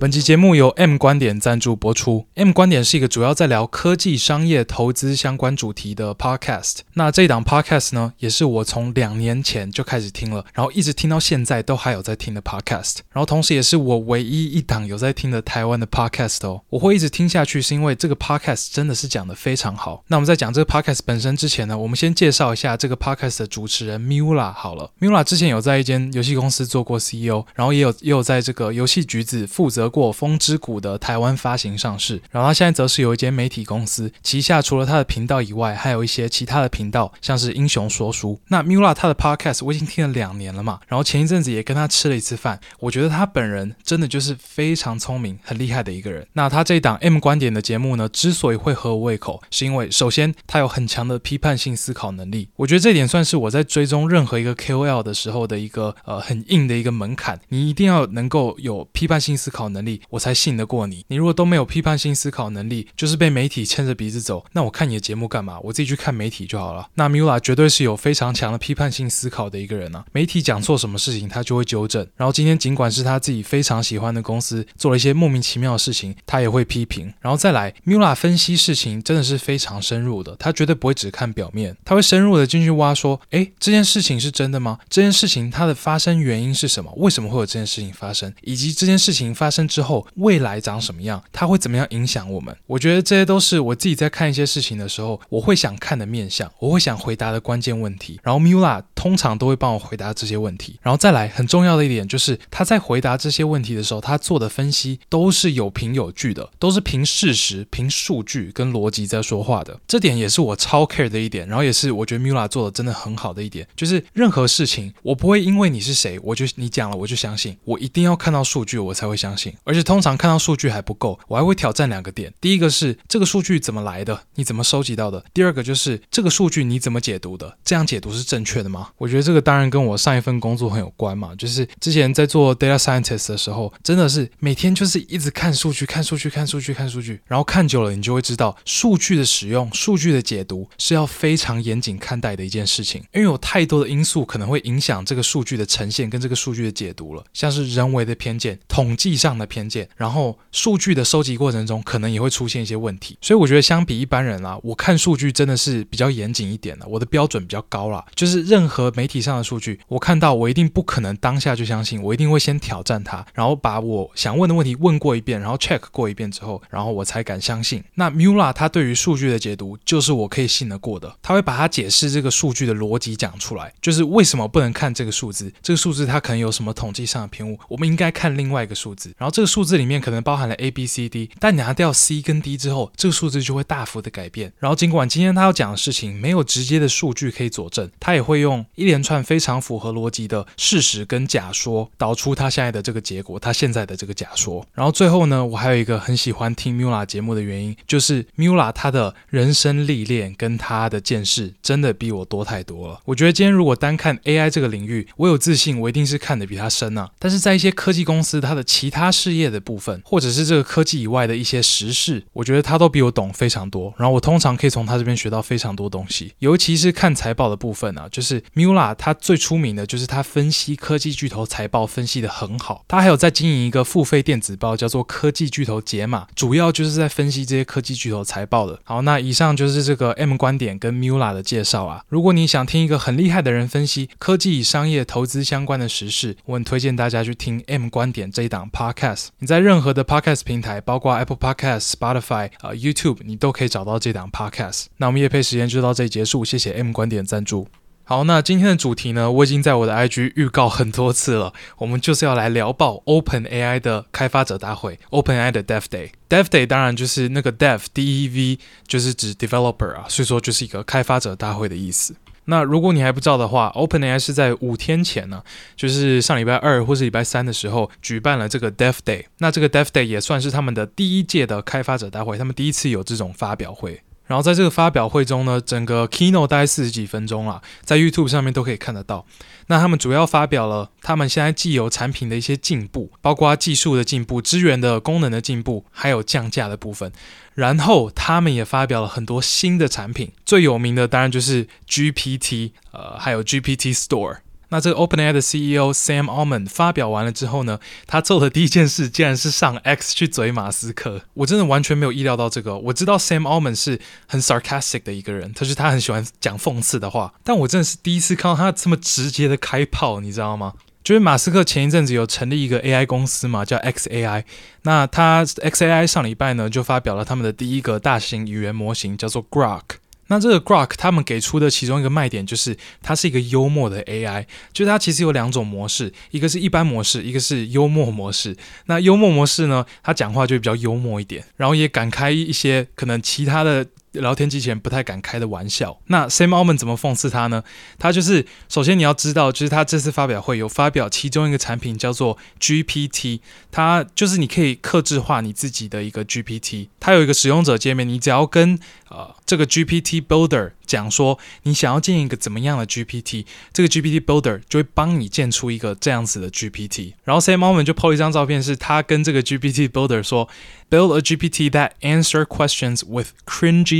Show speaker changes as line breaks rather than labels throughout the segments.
本期節目由 M 觀點贊助播出。M 觀點是一個主要在聊科技、商業、投資相關主題的 podcast。那這一檔 podcast 呢，也是我從兩年前就開始聽了，然後一直聽到現在都還有在聽的 podcast。然後同時，也是我唯一一檔有在聽的台灣的 podcast 哦。我會一直聽下去，是因為這個 podcast 真的是講得非常好。那我們在講這個 podcast 本身之前呢，我們先介紹一下這個 podcast 的主持人 Miula 好了。Miula 之前有在一間遊戲公司做過 CEO，然後也有也有在這個遊戲橘子負責。過風之谷的台灣發行上市，然後他現在則是有一間媒體公司，旗下除了他的頻道以外，還有一些其他的頻道，像是英雄說書。那 Miula 他的 Podcast 我已經聽了兩年了嘛，然後前一陣子也跟他吃了一次飯，我覺得他本人真的就是非常聰明、很厲害的一個人。那他這檔 M 觀點的節目呢，之所以會合我胃口，是因為首先他有很強的批判性思考能力，我覺得這一點算是我在追蹤任何一個 KOL 的時候的一個呃很硬的一個門檻，你一定要能夠有批判性思考能力。力我才信得過你。你如果都沒有批判性思考能力，就是被媒體牽着鼻子走。那我看你的節目幹嘛？我自己去看媒體就好了。那 Miula 絕對是有非常強的批判性思考的一個人啊。媒體講錯什麼事情，他就會糾正。然後今天儘管是他自己非常喜歡的公司做了一些莫名其妙的事情，他也會批評。然後再來，Miula 分析事情真的是非常深入的。他絕對不會只看表面，他會深入的進去挖，說：哎，這件事情是真的嗎？這件事情它的發生原因是什麼？為什麼會有這件事情發生？以及這件事情發生。之後未來長什麼樣，它會怎麼樣影響我們？我覺得這些都是我自己在看一些事情的時候，我會想看的面向，我會想回答的關鍵問題。然後 Miula 通常都會幫我回答這些問題。然後再來很重要的一點就是，他在回答這些問題的時候，他做的分析都是有憑有據的，都是憑事實、憑數據跟邏輯在說話的。這點也是我超 care 的一點，然後也是我覺得 Miula 做的真的很好的一點，就是任何事情我不會因為你是誰，我就你講了我就相信，我一定要看到數據我才會相信。而且通常看到數據還不夠，我還會挑戰兩個點。第一個是這個數據怎麼來的，你怎麼收集到的？第二個就是這個數據你怎麼解讀的？這樣解讀是正確的嗎？我覺得這個當然跟我上一份工作很有關嘛，就是之前在做 data scientist 的時候，真的是每天就是一直看數據、看數據、看數據、看數據，看數據，然後看久了你就會知道，數據的使用、數據的解讀是要非常嚴謹看待的一件事情，因為有太多的因素可能會影響這個數據的呈現跟這個數據的解讀了，像是人為的偏見、統計上的。偏見，然後數據的收集過程中可能也會出現一些問題，所以我覺得相比一般人啦、啊，我看數據真的是比較嚴謹一點的、啊，我的標準比較高啦。就是任何媒體上的數據，我看到我一定不可能當下就相信，我一定會先挑戰它，然後把我想問的問題問過一遍，然後 check 過一遍之後，然後我才敢相信。那 Miula 他對於數據的解讀，就是我可以信得過的，他會把他解釋這個數據的邏輯講出來，就是為什麼不能看這個數字，這個數字它可能有什麼統計上的偏誤，我們應該看另外一個數字，然後這個。這個數字裡面可能包含了 A、B、C、D，但拿掉 C 跟 D 之後，這個數字就會大幅的改變。然後，儘管今天他要講的事情沒有直接的數據可以佐證，他也會用一連串非常符合邏輯的事實跟假說導出他現在的這個結果，他現在的這個假說。然後最後呢，我還有一個很喜歡聽 Miula 節目的原因，就是 Miula 他的人生歷練跟他的見識真的比我多太多了。我覺得今天如果單看 AI 這個領域，我有自信我一定是看得比他深啊。但是在一些科技公司，他的其他。事業的部分，或者是這個科技以外的一些時事，我覺得他都比我懂非常多。然後我通常可以從他這邊學到非常多東西，尤其是看財報的部分啊，就是 Miula 他最出名的就是他分析科技巨頭財報分析的很好。他還有在經營一個付費電子報，叫做《科技巨頭解碼》，主要就是在分析這些科技巨頭財報的。好，那以上就是這個 M 觀點跟 Miula 的介紹啊。如果你想聽一個很厲害的人分析科技與商業投資相關的時事，我很推薦大家去聽 M 觀點這一檔 Podcast。你在任何的 Podcast 平台，包括 Apple Podcast、Spotify、呃、YouTube，你都可以找到這檔 Podcast。那我們業配時間就到這裡結束，謝謝 M 觀點贊助。好，那今天的主題呢，我已經在我的 IG 預告很多次了，我們就是要來聊爆 OpenAI 的開發者大會，OpenAI 的 Dev Day。Dev Day 當然就是那個 Dev，D-E-V，-E、就是指 Developer 啊，所以說就是一個開發者大會的意思。那如果你還不知道的話，OpenAI 是在五天前呢，就是上禮拜二或是禮拜三的時候舉辦了這個 Dev Day。那這個 Dev Day 也算是他們的第一屆的開發者大會，他們第一次有這種發表會。然後在這個發表會中呢，整個 Keynote 大概四十幾分鐘了，在 YouTube 上面都可以看得到。那他們主要發表了他們現在既有產品的一些進步，包括技術的進步、資源的功能的進步，還有降價的部分。然後他們也發表了很多新的產品，最有名的當然就是 GPT，呃，還有 GPT Store。那這個 OpenAI 的 CEO Sam Altman 發表完了之後呢，他做的第一件事竟然是上 X 去懟馬斯克，我真的完全沒有意料到這個、哦。我知道 Sam Altman 是很 sarcastic 的一個人，他是他很喜歡講諷刺的話，但我真的是第一次看到他這麼直接的開炮，你知道嗎？就是馬斯克前一陣子有成立一個 AI 公司嘛，叫 xAI。那他 xAI 上禮拜呢就發表了他們的第一個大型語言模型，叫做 Grok。那這個 Grok 他們給出的其中一個賣點就是它，是一個幽默的 AI。就是它其實有兩種模式，一個是一般模式，一個是幽默模式。那幽默模式呢，它講話就會比較幽默一點，然後也敢開一些可能其他的。聊天機器人不太敢開的玩笑。那 Sam Altman 怎麼諷刺他呢？他就是首先你要知道，就是他這次發表會有發表其中一個產品叫做 GPT。它就是你可以客製化你自己的一個 GPT。它有一個使用者界面，你只要跟、呃、這個 GPT Builder 講說你想要建一個怎麼樣的 GPT，這個 GPT Builder 就會幫你建出一個這樣子的 GPT。然後 Sam Altman 就 PO 一張照片，是他跟這個 GPT Builder 說，Build a GPT that answer questions with cringy。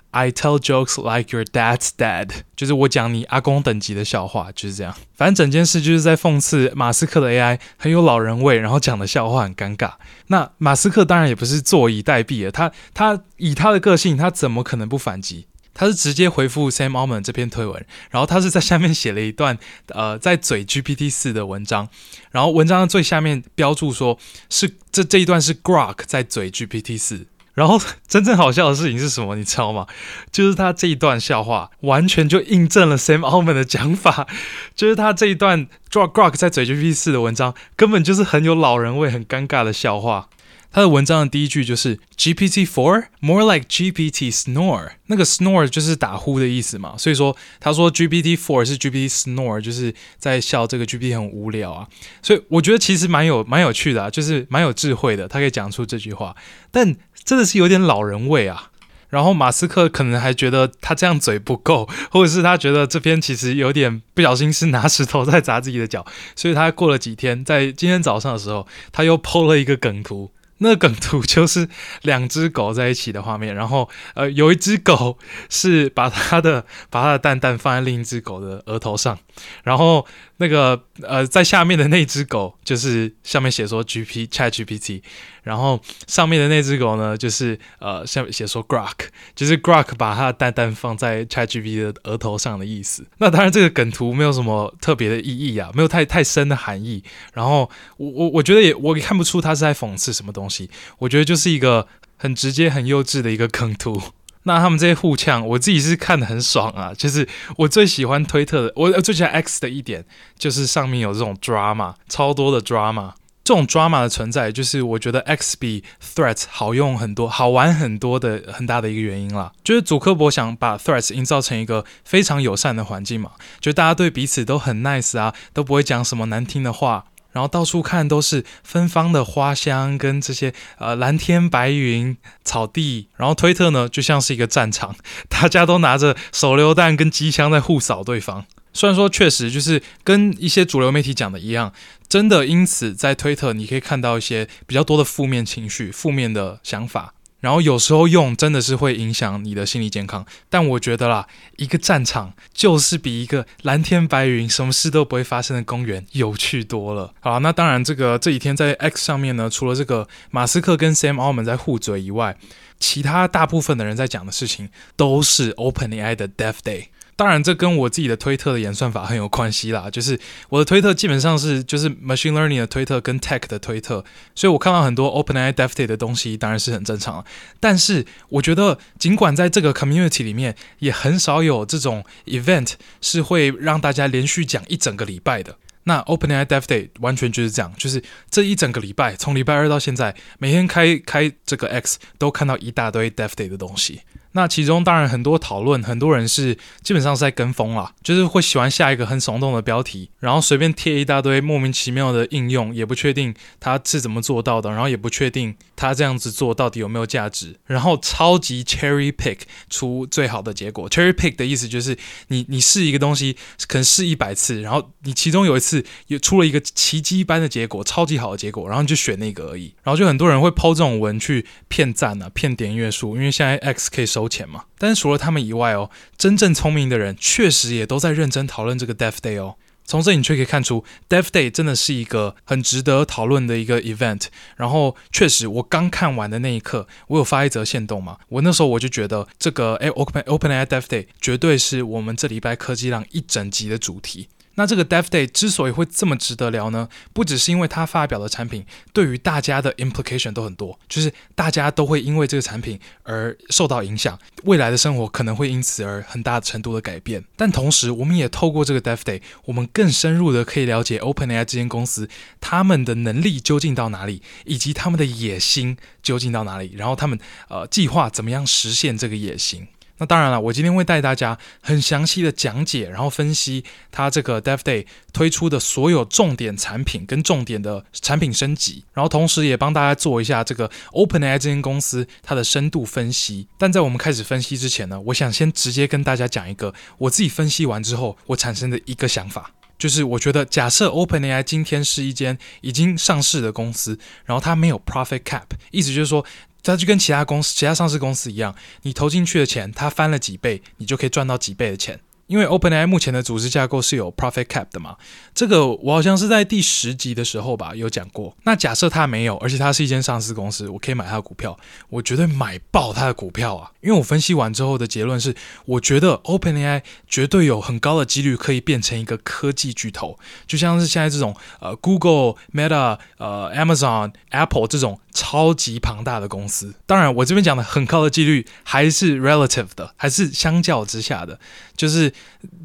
I tell jokes like your dad's dad，就是我講你阿公等級的笑話，就是這樣。反正整件事就是在諷刺馬斯克的 AI 很有老人味，然後講的笑話很尷尬。那馬斯克當然也不是坐以待斃啊，他他以他的個性，他怎麼可能不反擊？他是直接回覆 Sam Altman 這篇推文，然後他是在下面寫了一段呃在嘴 GPT 四的文章，然後文章的最下面標注說是這這一段是 Grok 在嘴 GPT 四。然後真正好笑的事情是什麼，你知道嗎？就是他這一段笑話完全就印證了 Sam Altman 的講法，就是他這一段 Drop Grok 在嘴 GPT 四的文章，根本就是很有老人味、很尷尬的笑話。他的文章的第一句就是 GPT Four more like GPT Snore，那個 Snore 就是打呼的意思嘛。所以說，他說 GPT Four 是 GPT Snore，就是在笑這個 GPT 很無聊啊。所以我覺得其實蠻有、蠻有趣的啊，就是蠻有智慧的，他可以講出這句話，但。真的是有點老人味啊。然後馬斯克可能還覺得他這樣嘴不夠，或者是他覺得這篇其實有點不小心是拿石頭在砸自己的腳，所以他過了幾天，在今天早上的時候，他又 po 了一個梗圖。那梗圖就是兩隻狗在一起的畫面，然後呃，有一隻狗是把他的把它的蛋蛋放在另一隻狗的額頭上，然後那個呃，在下面的那隻狗就是下面寫說 GP ChatGPT。然後上面的那隻狗呢，就是呃，下面寫說 Grok 就是 Grok 把它蛋蛋放在 ChatGPT 的額頭上的意思。那當然，這個梗圖沒有什麼特別的意義啊，沒有太太深的含義。然後我我我覺得也我也看不出它是在諷刺什麼東西，我覺得就是一個很直接、很幼稚的一個梗圖。那他們這些互嗆，我自己是看得很爽啊，就是我最喜歡推特的，我最喜歡 X 的一點就是上面有這種 drama，超多的 drama。這種 drama 的存在，就是我覺得 X 比 Threads 好用很多、好玩很多的很大的一個原因啦，就是祖克柏想把 Threads 營造成一個非常友善的環境嘛，就是、大家對彼此都很 nice 啊，都不會講什麼難聽的話。然後到處看都是芬芳的花香跟這些呃藍天白雲、草地。然後推特呢，就像是一個戰場，大家都拿着手榴彈跟機槍在互掃對方。雖然說確實就是跟一些主流媒體講的一樣。真的，因此在推特，你可以看到一些比較多的負面情緒、負面的想法，然後有時候用真的是會影響你的心理健康。但我覺得啦，一個戰場就是比一個藍天白雲、什麼事都不會發生的公園有趣多了。好，那當然，這個這幾天在 X 上面呢，除了這個馬斯克跟 s a m a 門在互嘴以外，其他大部分的人在講的事情都是 OpenAI 的 Death Day。當然，這跟我自己的推特的演算法很有關係啦。就是我的推特基本上是就是 machine learning 的推特跟 tech 的推特，所以我看到很多 OpenAI DevDay 的東西，當然是很正常了。但是我覺得，儘管在這個 community 裡面也很少有這種 event 是會讓大家連續講一整個禮拜的，那 OpenAI DevDay 完全就是這樣，就是這一整個禮拜，從禮拜二到現在，每天開開這個 X 都看到一大堆 DevDay 的東西。那其中當然很多討論，很多人是基本上是在跟風啦、啊，就是會喜歡下一個很聳動的標題，然後隨便貼一大堆莫名其妙的應用，也不確定他是怎麼做到的，然後也不確定他這樣子做到底有沒有價值，然後超級 cherry pick 出最好的結果。cherry pick 的意思就是你你試一個東西，可能試一百次，然後你其中有一次也出了一個奇跡般的結果，超級好的結果，然後你就選那個而已。然後就很多人會拋這種文去騙讚啊，騙點閱數，因為現在 X 可以收。收錢嘛。但是除了他們以外哦，真正聰明的人確實也都在認真討論這個 DevDay 哦。從這你卻可以看出，DevDay 真的是一個很值得討論的一個 event。然後確實，我剛看完的那一刻，我有發一則限動嘛，我那時候我就覺得這個 o p e n Open, OpenAI DevDay 絕對是我們這禮拜科技浪一整集的主題。那這個 DevDay 之所以會這麼值得聊呢，不只是因為他發表的產品對於大家的 implication 都很多，就是大家都會因為這個產品而受到影響，未來的生活可能會因此而很大程度的改變。但同時，我們也透過這個 DevDay，我們更深入的可以了解 OpenAI 這間公司他們的能力究竟到哪裡，以及他們的野心究竟到哪裡，然後他們呃計劃怎麼樣實現這個野心。那當然了，我今天會帶大家很詳細的講解，然後分析它這個 DevDay 推出的所有重點產品跟重點的產品升級，然後同時也幫大家做一下這個 OpenAI 這間公司它的深度分析。但在我們開始分析之前呢，我想先直接跟大家講一個我自己分析完之後我產生的一個想法，就是我覺得假設 OpenAI 今天是一間已經上市的公司，然後它沒有 profit cap，意思就是說。它就跟其他公司、其他上市公司一樣，你投進去的錢，它翻了幾倍，你就可以賺到幾倍的錢。因為 OpenAI 目前的組織架構是有 profit cap 的嘛，這個我好像是在第十集的時候吧有講過。那假設它沒有，而且它是一間上市公司，我可以買它的股票，我絕對買爆它的股票啊！因為我分析完之後的結論是，我覺得 OpenAI 絕對有很高的幾率可以變成一個科技巨頭，就像是現在這種呃 Google、Meta、呃，Google, Meta，呃 Amazon、Apple 這種。超級龐大的公司，當然，我這邊講的很高的幾率還是 relative 的，還是相較之下的，就是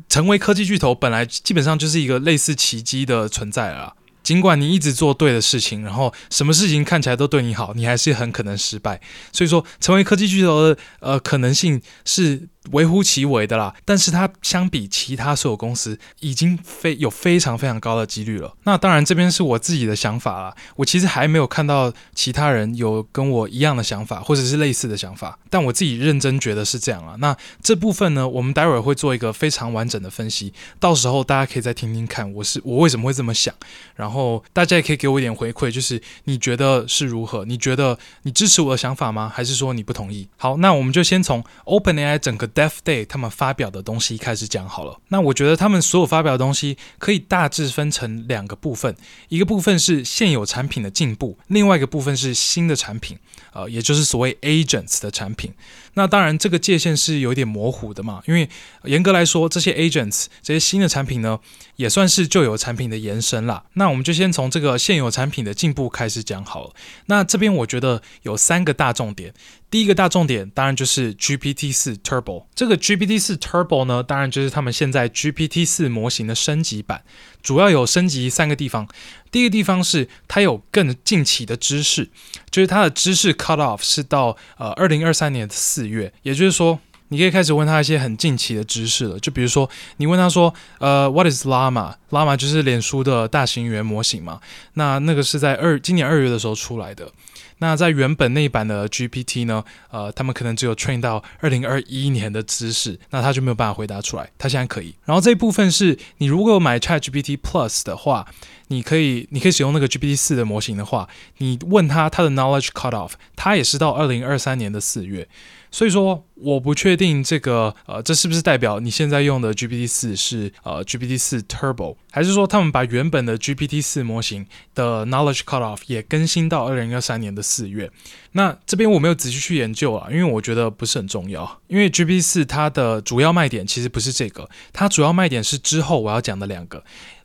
成為科技巨頭，本來基本上就是一個類似奇蹟的存在了。儘管你一直做對的事情，然後什麼事情看起來都對你好，你還是很可能失敗。所以說，成為科技巨頭的，呃，可能性是微乎其微的啦，但是它相比其他所有公司已經非有非常非常高的幾率了。那當然，這邊是我自己的想法啦。我其實還沒有看到其他人有跟我一樣的想法，或者是類似的想法。但我自己認真覺得是這樣啊。那這部分呢，我們待會兒會做一個非常完整的分析，到時候大家可以再聽聽看我是我為什麼會這麼想，然後大家也可以給我一點回饋，就是你覺得是如何？你覺得你支持我的想法嗎？還是說你不同意？好，那我們就先從 OpenAI 整個。DevDay，他們發表的東西開始講好了。那我覺得他們所有發表的東西可以大致分成兩個部分，一個部分是現有產品的進步，另外一個部分是新的產品，呃，也就是所謂 agents 的產品。那當然這個界限是有點模糊的嘛，因為嚴格來說，這些 agents 這些新的產品呢，也算是舊有產品的延伸啦。那我們就先從這個現有產品的進步開始講好了。那這邊我覺得有三個大重點。第一個大重點當然就是 GPT-4 Turbo。這個 GPT-4 Turbo 呢，當然就是他們現在 GPT-4 模型的升級版，主要有升級三個地方。第一個地方是它有更近期的知識，就是它的知識 cutoff 是到呃2023年的四月，也就是說你可以開始問他一些很近期的知識了。就比如說你問他說，呃，What is Llama？Llama 就是臉書的大型語言模型嘛，那那個是在二今年二月的時候出來的。那在原本那一版的 GPT 呢，呃，他們可能只有 train 到二零二一年的知識，那他就沒有辦法回答出來。他現在可以。然後這一部分是你如果買 ChatGPT Plus 的話，你可以你可以使用那個 GPT 四的模型的話，你問他他的 knowledge cutoff，他也是到二零二三年的四月。所以說，我不確定這個，呃，這是不是代表你現在用的 GPT 四是呃 GPT 四 Turbo，還是說他們把原本的 GPT 四模型的 knowledge cutoff 也更新到二零二三年的四月？那這邊我沒有仔細去研究啊，因為我覺得不是很重要。因為 GPT 四它的主要賣點其實不是這個，它主要賣點是之後我要講的兩個。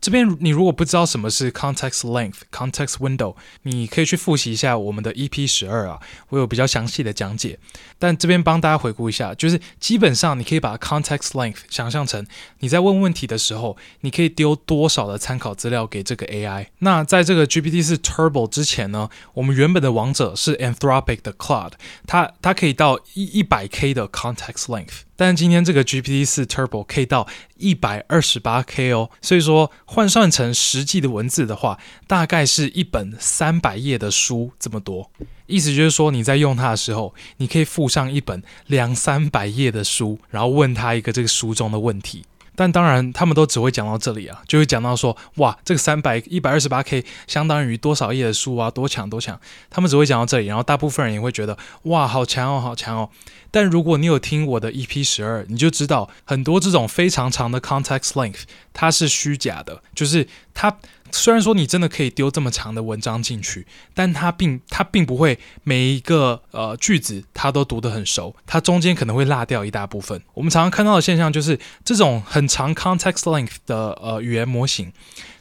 這邊你如果不知道什麼是 context length、context window，你可以去複習一下我們的 EP 十二啊，我有比較詳細的講解。但這邊幫大家回顧一下，就是基本上你可以把 context length 想象成你在問問題的時候，你可以丟多少的參考資料給這個 AI。那在這個 GPT 四 Turbo 之前呢，我們原本的王者是 Anthropic 的 Claude，它它可以到一一百 K 的 context length。但今天這個 GPT 四 Turbo 可以到一百二十八 K 哦，所以說換算成實際的文字的話，大概是一本三百頁的書這麼多。意思就是說，你在用它的時候，你可以附上一本兩三百頁的書，然後問他一個這個書中的問題。但當然，他們都只會講到這裡啊，就會講到說，哇，這個三百、一百二十八 K 相當於多少頁的書啊，多強多強！他們只會講到這裡，然後大部分人也會覺得，哇，好強哦，好強哦。但如果你有聽我的 EP 十二，你就知道很多這種非常長的 context length 它是虛假的，就是它。雖然說你真的可以丟這麼長的文章進去，但它並它並不會每一個呃句子它都讀得很熟，它中間可能會落掉一大部分。我們常常看到的現象就是這種很長 context length 的呃語言模型，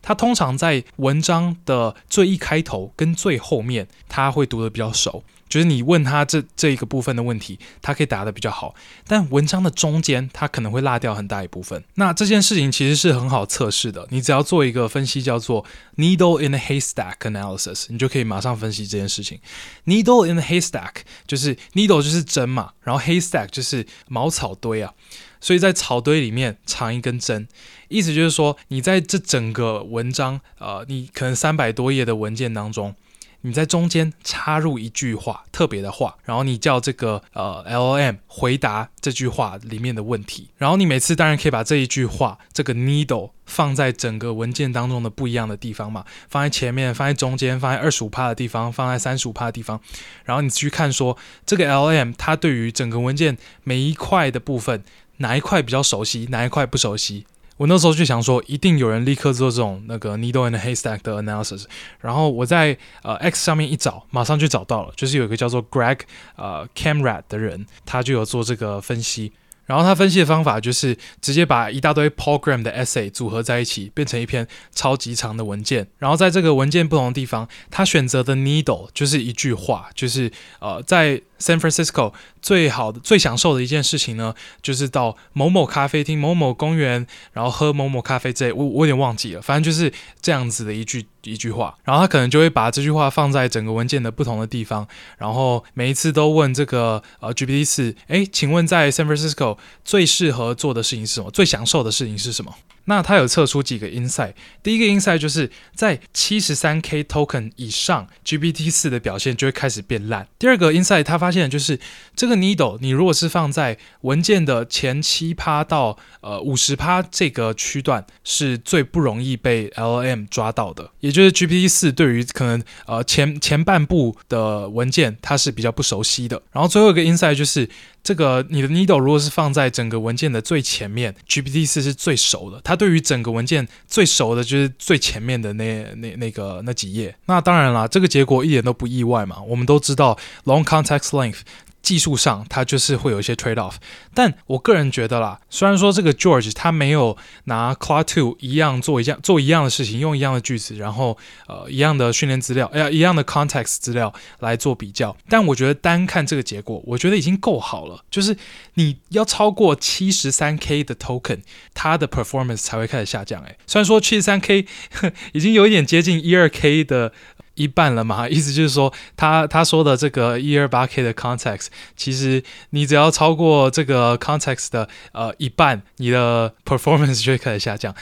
它通常在文章的最一開頭跟最後面，它會讀得比較熟。就是你問他這這一個部分的問題，他可以答得比較好，但文章的中間他可能會落掉很大一部分。那這件事情其實是很好測試的，你只要做一個分析叫做 needle in a haystack analysis，你就可以馬上分析這件事情。needle in a haystack 就是 needle 就是針嘛，然後 haystack 就是茅草堆啊，所以在草堆裡面藏一根針，意思就是說你在這整個文章啊、呃，你可能三百多頁的文件當中。你在中間插入一句話，特別的話，然後你叫這個呃 L M 回答這句話裡面的問題。然後你每次當然可以把這一句話這個 needle 放在整個文件當中的不一樣的地方嘛，放在前面，放在中間，放在二十五趴的地方，放在三十五趴的地方。然後你去看說這個 L M 它對於整個文件每一塊的部分，哪一塊比較熟悉，哪一塊不熟悉。我那時候就想說，一定有人立刻做這種那個 needle in the haystack 的 analysis。然後我在呃 X 上面一找，馬上就找到了，就是有一個叫做 Greg 呃 c a m r a t 的人，他就有做這個分析。然後他分析的方法就是直接把一大堆 Paul Graham 的 essay 組合在一起，變成一篇超級長的文件。然後在這個文件不同的地方，他選擇的 needle 就是一句話，就是呃在。San Francisco 最好的、最享受的一件事情呢，就是到某某咖啡廳、某某公園，然後喝某某咖啡這類。這我我有點忘記了，反正就是這樣子的一句一句話。然後他可能就會把這句話放在整個文件的不同的地方，然後每一次都問這個呃 GPT 四，哎，請問在 San Francisco 最適合做的事情是什麼？最享受的事情是什麼？那他有測出幾個 insight。第一個 insight 就是在七十三 k token 以上，GPT 四的表現就會開始變爛。第二個 insight 他發現的就是這個 needle，你如果是放在文件的前七趴到呃五十趴這個區段是最不容易被 LM 抓到的，也就是 GPT 四對於可能呃前前半部的文件它是比較不熟悉的。然後最後一個 insight 就是。這個你的 needle 如果是放在整個文件的最前面，GPT 四是最熟的。它對於整個文件最熟的就是最前面的那那那個那幾頁。那當然啦，這個結果一點都不意外嘛。我們都知道 long context length。技術上，它就是會有一些 trade off，但我個人覺得啦，雖然說這個 George 他沒有拿 Claude 2一樣做一樣做一樣的事情，用一樣的句子，然後呃一樣的訓練資料，哎呀一樣的 context 資料來做比較，但我覺得單看這個結果，我覺得已經夠好了。就是你要超過七十三 k 的 token，它的 performance 才會開始下降，欸。哎，雖然說七十三 k 已經有一點接近一二 k 的，一半了嘛，意思就是說，他他說的這個一二八 K 的 context，其實你只要超過這個 context 的呃一半，你的 performance 就會開始下降。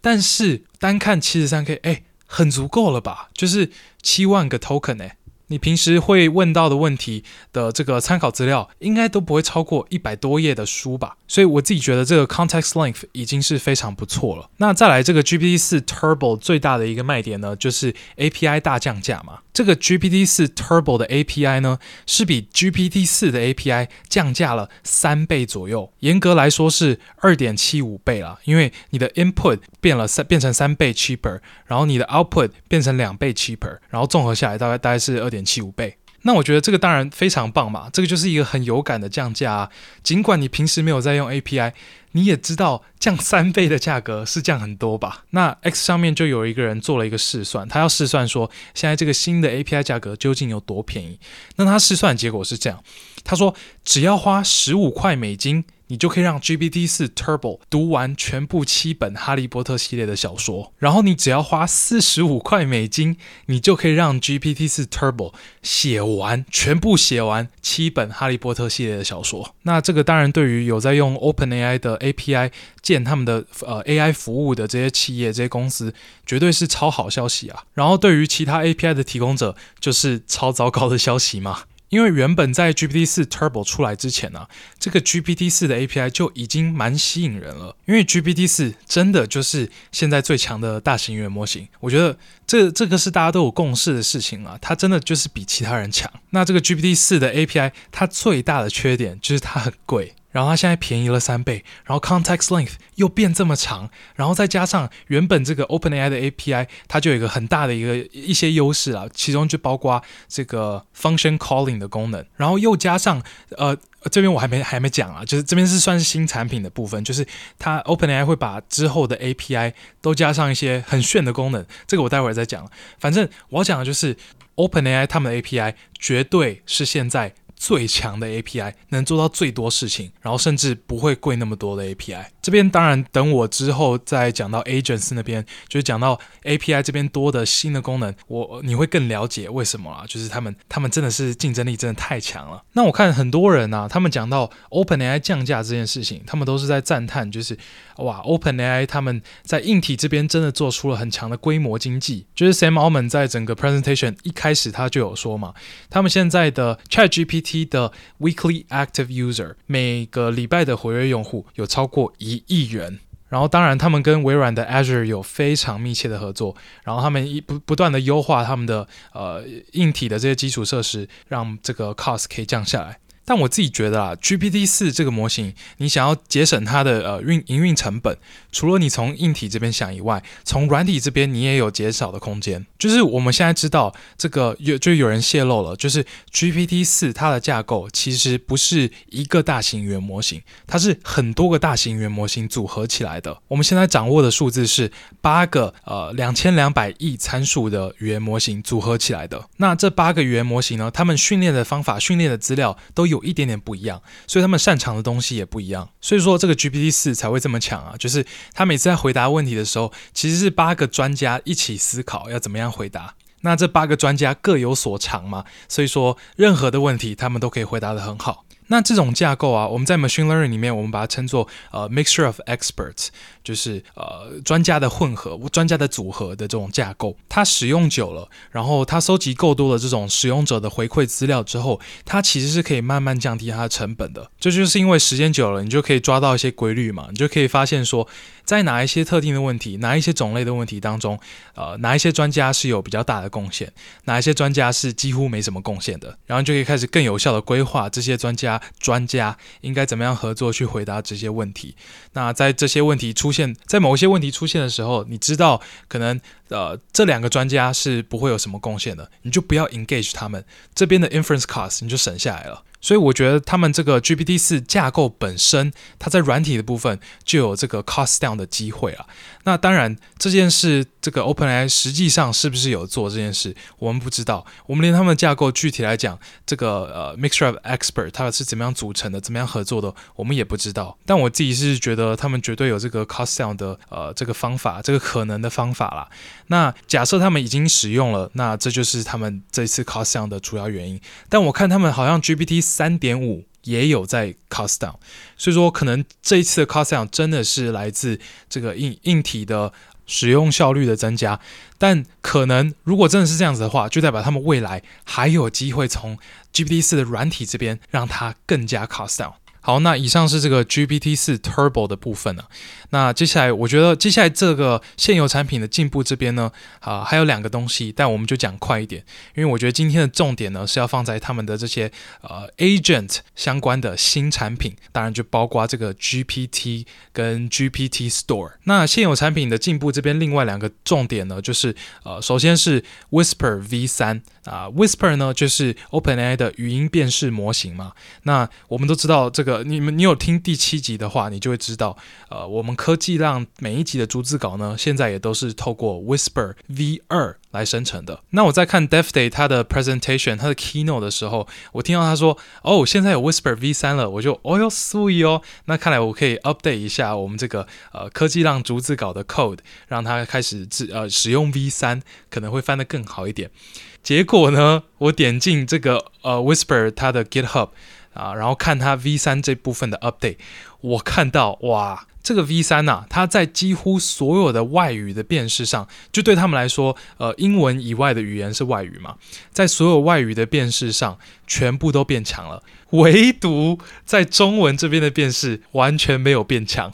但是單看七十三 K，哎，很足夠了吧？就是七萬個 token 哎、欸。你平時會問到的問題的這個參考資料應該都不會超過一百多頁的書吧？所以我自己覺得這個 context length 已經是非常不錯了。那再來這個 GPT-4 Turbo 最大的一個賣點呢，就是 API 大降價嘛。這個 GPT-4 Turbo 的 API 呢，是比 GPT-4 的 API 降價了三倍左右，嚴格來說是二點七五倍啦，因為你的 input 變了三變成三倍 cheaper，然後你的 output 變成兩倍 cheaper，然後綜合下來大概大概是二。點七五倍，那我覺得這個當然非常棒嘛，這個就是一個很有感的降價啊。儘管你平時沒有在用 API，你也知道降三倍的價格是降很多吧？那 X 上面就有一個人做了一個試算，他要試算說現在這個新的 API 價格究竟有多便宜。那他試算結果是這樣，他說只要花十五塊美金。你就可以讓 GPT-4 Turbo 讀完全部七本《哈利波特》系列的小說，然後你只要花四十五塊美金，你就可以讓 GPT-4 Turbo 寫完全部寫完七本《哈利波特》系列的小說。那這個當然對於有在用 OpenAI 的 API 建他們的呃 AI 服務的這些企業、這些公司，絕對是超好消息啊。然後對於其他 API 的提供者，就是超糟糕的消息嘛。因為原本在 GPT-4 Turbo 出來之前呢、啊，這個 GPT-4 的 API 就已經蠻吸引人了。因為 GPT-4 真的就是現在最強的大型語言模型，我覺得這這個是大家都有共識的事情啊。它真的就是比其他人強。那這個 GPT-4 的 API 它最大的缺點就是它很貴。然後它現在便宜了三倍，然後 context length 又變這麼長，然後再加上原本這個 OpenAI 的 API，它就有一個很大的一個一些優勢啦，其中就包括這個 function calling 的功能，然後又加上，呃，這邊我還沒還沒講啊，就是這邊是算是新產品的部分，就是它 OpenAI 會把之後的 API 都加上一些很炫的功能，這個我待會再講，反正我要講的就是 OpenAI 他們的 API 絕對是現在。最強的 API，能做到最多事情，然後甚至不會貴那麼多的 API。這邊當然，等我之後再講到 agents 那邊，就是講到 API 這邊多的新的功能，我你會更了解為什麼啊？就是他們，他們真的是競爭力真的太強了。那我看很多人啊，他們講到 OpenAI 降價這件事情，他們都是在讚嘆，就是哇，OpenAI 他們在硬體這邊真的做出了很強的規模經濟。就是 Sam Altman 在整個 presentation 一開始他就有說嘛，他們現在的 ChatGPT 的 weekly active user 每個禮拜的活躍用戶有超過一。一億元，然後當然，他們跟微軟的 Azure 有非常密切的合作，然後他們不不斷的優化他們的呃硬體的這些基礎設施，讓這個 Cost 可以降下來。但我自己覺得啊，GPT 4這個模型，你想要節省它的呃運營運成本，除了你從硬體這邊想以外，從軟體這邊你也有減少的空間。就是我們現在知道這個有就有人泄露了，就是 GPT 4它的架構其實不是一個大型語言模型，它是很多個大型語言模型組合起來的。我們現在掌握的數字是八個呃兩千兩百億參數的語言模型組合起來的。那這八個語言模型呢，他們訓練的方法、訓練的資料都有有一點點不一樣，所以他們擅長的東西也不一樣，所以說這個 GPT 四才會這麼強啊，就是他每次在回答問題的時候，其實是八個專家一起思考要怎麼樣回答，那這八個專家各有所長嘛，所以說任何的問題他們都可以回答得很好。那這種架構啊，我們在 machine learning 裡面，我們把它稱作呃、uh, mixture of experts，就是呃專、uh, 家的混合、專家的組合的這種架構。它使用久了，然後它收集夠多的這種使用者的回饋資料之後，它其實是可以慢慢降低它的成本的。這就，就是因為時間久了，你就可以抓到一些規律嘛，你就可以發現說，在哪一些特定的問題，哪一些種類的問題當中，呃，哪一些專家是有比較大的貢獻，哪一些專家是幾乎沒什麼貢獻的，然後就可以開始更有效的規劃這些專家，專家應該怎麼樣合作去回答這些問題。那在這些問題出現，在某一些問題出現的時候，你知道可能呃這兩個專家是不會有什麼貢獻的，你就不要 engage 他們，這邊的 inference cost 你就省下來了。所以我覺得他們這個 GPT-4 架構本身，它在軟體的部分就有這個 cost down 的機會了啊。那當然，這件事，這個 OpenAI 實際上是不是有做這件事，我們不知道。我們連他們的架構具體來講，這個呃 Mixture of Expert 它是怎麼樣組成的，怎麼樣合作的，我們也不知道。但我自己是覺得他們絕對有這個 cost down 的呃這個方法，這個可能的方法啦。那假設他們已經使用了，那這就是他們這一次 cost down 的主要原因。但我看他們好像 GPT 三點五，也有在 cost down，所以說可能這一次的 cost down 真的是來自這個硬硬體的使用效率的增加，但可能如果真的是這樣子的話，就代表他們未來還有機會從 GPT 四的軟體這邊讓它更加 cost down。好，那以上是這個 GPT 四 Turbo 的部分了。那接下來，我覺得接下來這個現有產品的進步這邊呢，啊、呃，還有兩個東西，但我們就講快一點，因為我覺得今天的重點呢是要放在他們的這些呃 agent 相關的新產品，當然就包括這個 GPT 跟 GPT Store。那現有產品的進步這邊，另外兩個重點呢，就是呃，首先是 Whisper V 三。啊、uh，Whisper 呢，就是 OpenAI 的語音辨識模型嘛。那我們都知道這個，你們你有聽第七集的話，你就會知道，呃，我們科技浪每一集的逐字稿呢，現在也都是透過 Whisper V 二來生成的。那我在看 DevDay 它的 presentation 它的 keynote 的時候，我聽到他說，哦，現在有 Whisper V 三了，我就哦喲，sweet 哦。那看來我可以 update 一下我們這個呃科技浪逐字稿的 code，讓它開始自呃使用 V 三，可能會翻得更好一點。結果呢？我點進這個呃，Whisper 它的 GitHub 啊，然後看它 V 三這部分的 update，我看到哇，這個 V 三吶，它在幾乎所有的外語的辨識上，就對他們來說，呃，英文以外的語言是外語嘛，在所有外語的辨識上，全部都變強了，唯獨在中文這邊的辨識完全沒有變強，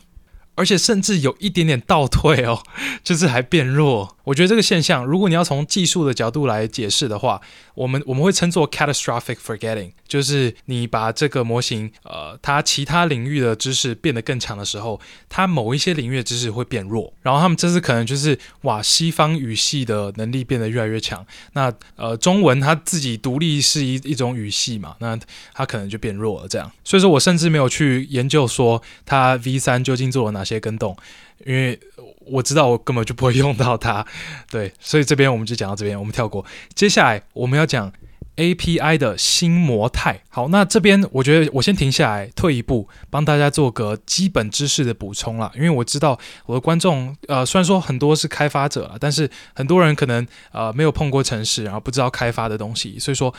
而且甚至有一點點倒退哦，就是還變弱。我覺得這個現象，如果你要從技術的角度來解釋的話，我們我們會稱作 catastrophic forgetting，就是你把這個模型，呃，它其他領域的知識變得更強的時候，它某一些領域的知識會變弱。然後他們這次可能就是哇，西方語系的能力變得越來越強，那呃，中文它自己獨立是一一種語系嘛，那它可能就變弱了這樣。所以說我甚至沒有去研究說它 V 三究竟做了哪些更動。因為我知道我根本就不會用到它，對，所以這邊我們就講到這邊，我們跳過。接下來我們要講 API 的新模態。好，那這邊我覺得我先停下來，退一步，幫大家做個基本知識的補充啦。因為我知道我的觀眾，呃，雖然說很多是開發者啦，但是很多人可能呃沒有碰過程式，然後不知道開發的東西，所以說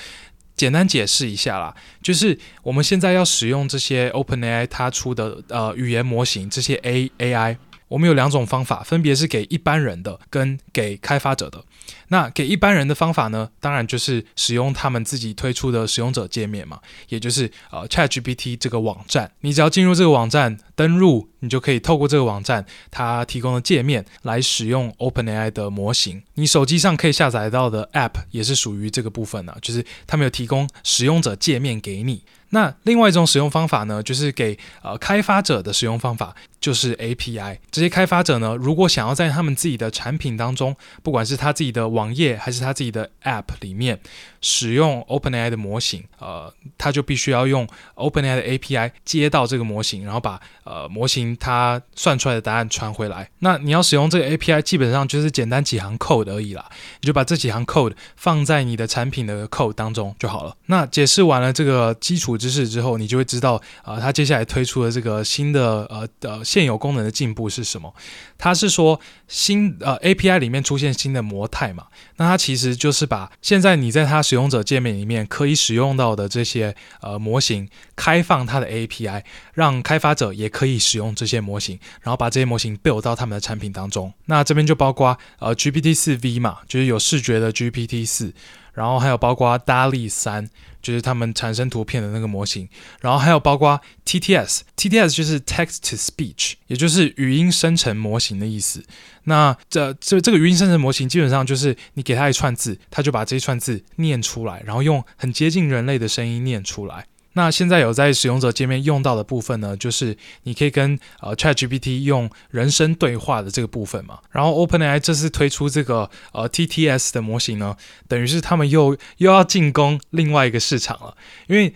簡單解釋一下啦。就是我們現在要使用這些 OpenAI 它出的呃語言模型，這些 A AI。我們有兩種方法，分別是給一般人的跟給開發者的。那給一般人的方法呢，當然就是使用他們自己推出的使用者界面嘛，也就是呃 ChatGPT 這個網站。你只要進入這個網站，登入，你就可以透過這個網站它提供的界面來使用 OpenAI 的模型。你手機上可以下載到的 App 也是屬於這個部分的，啊，就是他們有提供使用者界面給你。那另外一種使用方法呢，就是給呃開發者的使用方法。就是 API，這些開發者呢，如果想要在他們自己的產品當中，不管是他自己的網頁還是他自己的 App 裡面使用 OpenAI 的模型，呃，他就必須要用 OpenAI 的 API 接到這個模型，然後把呃模型它算出來的答案傳回來。那你要使用這個 API，基本上就是簡單幾行 code 而已啦，你就把這幾行 code 放在你的產品的 code 當中就好了。那解釋完了這個基礎知識之後，你就會知道啊、呃，他接下來推出的這個新的呃呃。呃現有功能的進步是什麼？它是說新呃 API 裡面出現新的模態嘛？那它其實就是把現在你在它使用者界面裡面可以使用到的這些呃模型，開放它的 API，讓開發者也可以使用這些模型，然後把這些模型 build 到他們的產品當中。那這邊就包括呃 GPT 四 V 嘛，就是有視覺的 GPT 四。然後還有包括 DALL-E 3，就是他們產生圖片的那個模型。然後還有包括 TTS，TTS TTS 就是 text-to-speech，也就是語音生成模型的意思。那這這這個語音生成模型基本上就是你給它一串字，它就把這一串字念出來，然後用很接近人類的聲音念出來。那現在有在使用者界面用到的部分呢，就是你可以跟呃 ChatGPT 用人聲對話的這個部分嘛。然後 OpenAI 這次推出這個呃 TTS 的模型呢，等於是他們又又要進攻另外一個市場了，因為。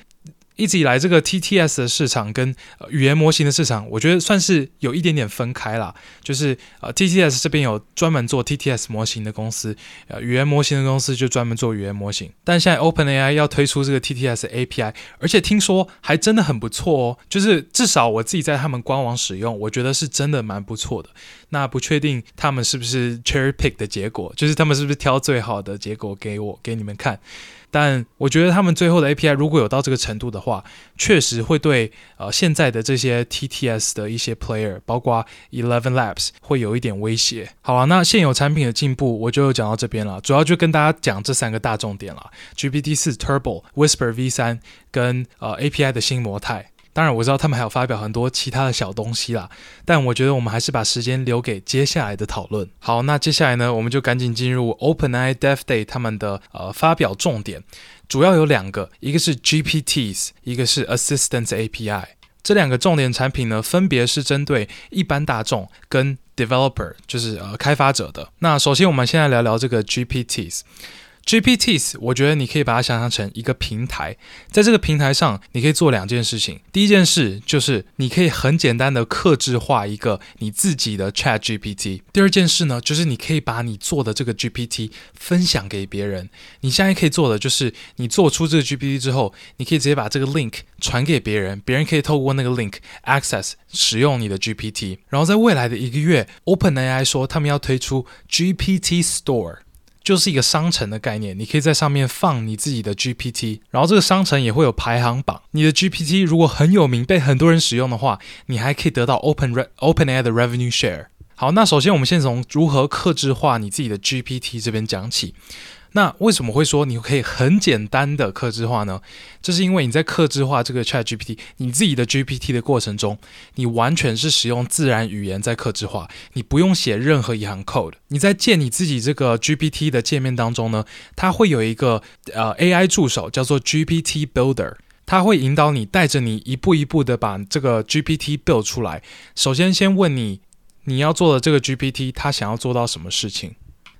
一直以來，這個 TTS 的市場跟，呃，語言模型的市場，我覺得算是有一點點分開啦。就是呃，TTS 這邊有專門做 TTS 模型的公司，呃，語言模型的公司就專門做語言模型。但現在 OpenAI 要推出這個 TTS API，而且聽說還真的很不錯哦。就是至少我自己在他們官網使用，我覺得是真的蠻不錯的。那不確定他們是不是 cherry pick 的結果，就是他們是不是挑最好的結果給我，給你們看。但我覺得他們最後的 API 如果有到這個程度的話，確實會對呃現在的這些 TTS 的一些 player，包括 Eleven Labs，會有一點威脅。好啊，那現有產品的進步我就講到這邊了，主要就跟大家講這三個大重點了：GPT 四 Turbo、Whisper V 三跟呃 API 的新模態。當然，我知道他們還有發表很多其他的小東西啦，但我覺得我們還是把時間留給接下來的討論。好，那接下來呢，我們就趕緊進入 OpenAI Dev Day 他們的呃發表重點，主要有兩個，一個是 GPTs，一個是 Assistants API。這兩個重點產品呢，分別是針對一般大眾跟 Developer，就是呃開發者的。那首先，我們先來聊聊這個 GPTs。GPTs，我覺得你可以把它想象成一個平台，在這個平台上，你可以做兩件事情。第一件事就是你可以很簡單的客製化一個你自己的 ChatGPT。第二件事呢，就是你可以把你做的這個 GPT 分享給別人。你現在可以做的就是，你做出這個 GPT 之後，你可以直接把這個 link 傳給別人，別人可以透過那個 link access 使用你的 GPT。然後在未來的一個月，OpenAI 說他們要推出 GPT Store。就是一個商城的概念，你可以在上面放你自己的 GPT，然後這個商城也會有排行榜。你的 GPT 如果很有名，被很多人使用的話，你還可以得到 Open OpenAI 的 Revenue Share。好，那首先我們先從如何客製化你自己的 GPT 這邊講起。那為什麼會說你可以很簡單的客製化呢？這是因為你在客製化這個 ChatGPT，你自己的 GPT 的過程中，你完全是使用自然語言在客製化，你不用寫任何一行 code。你在建你自己這個 GPT 的界面當中呢，它會有一個呃 AI 助手叫做 GPT Builder，它會引導你帶着你一步一步的把這個 GPT build 出來。首先先問你，你要做的這個 GPT，它想要做到什麼事情？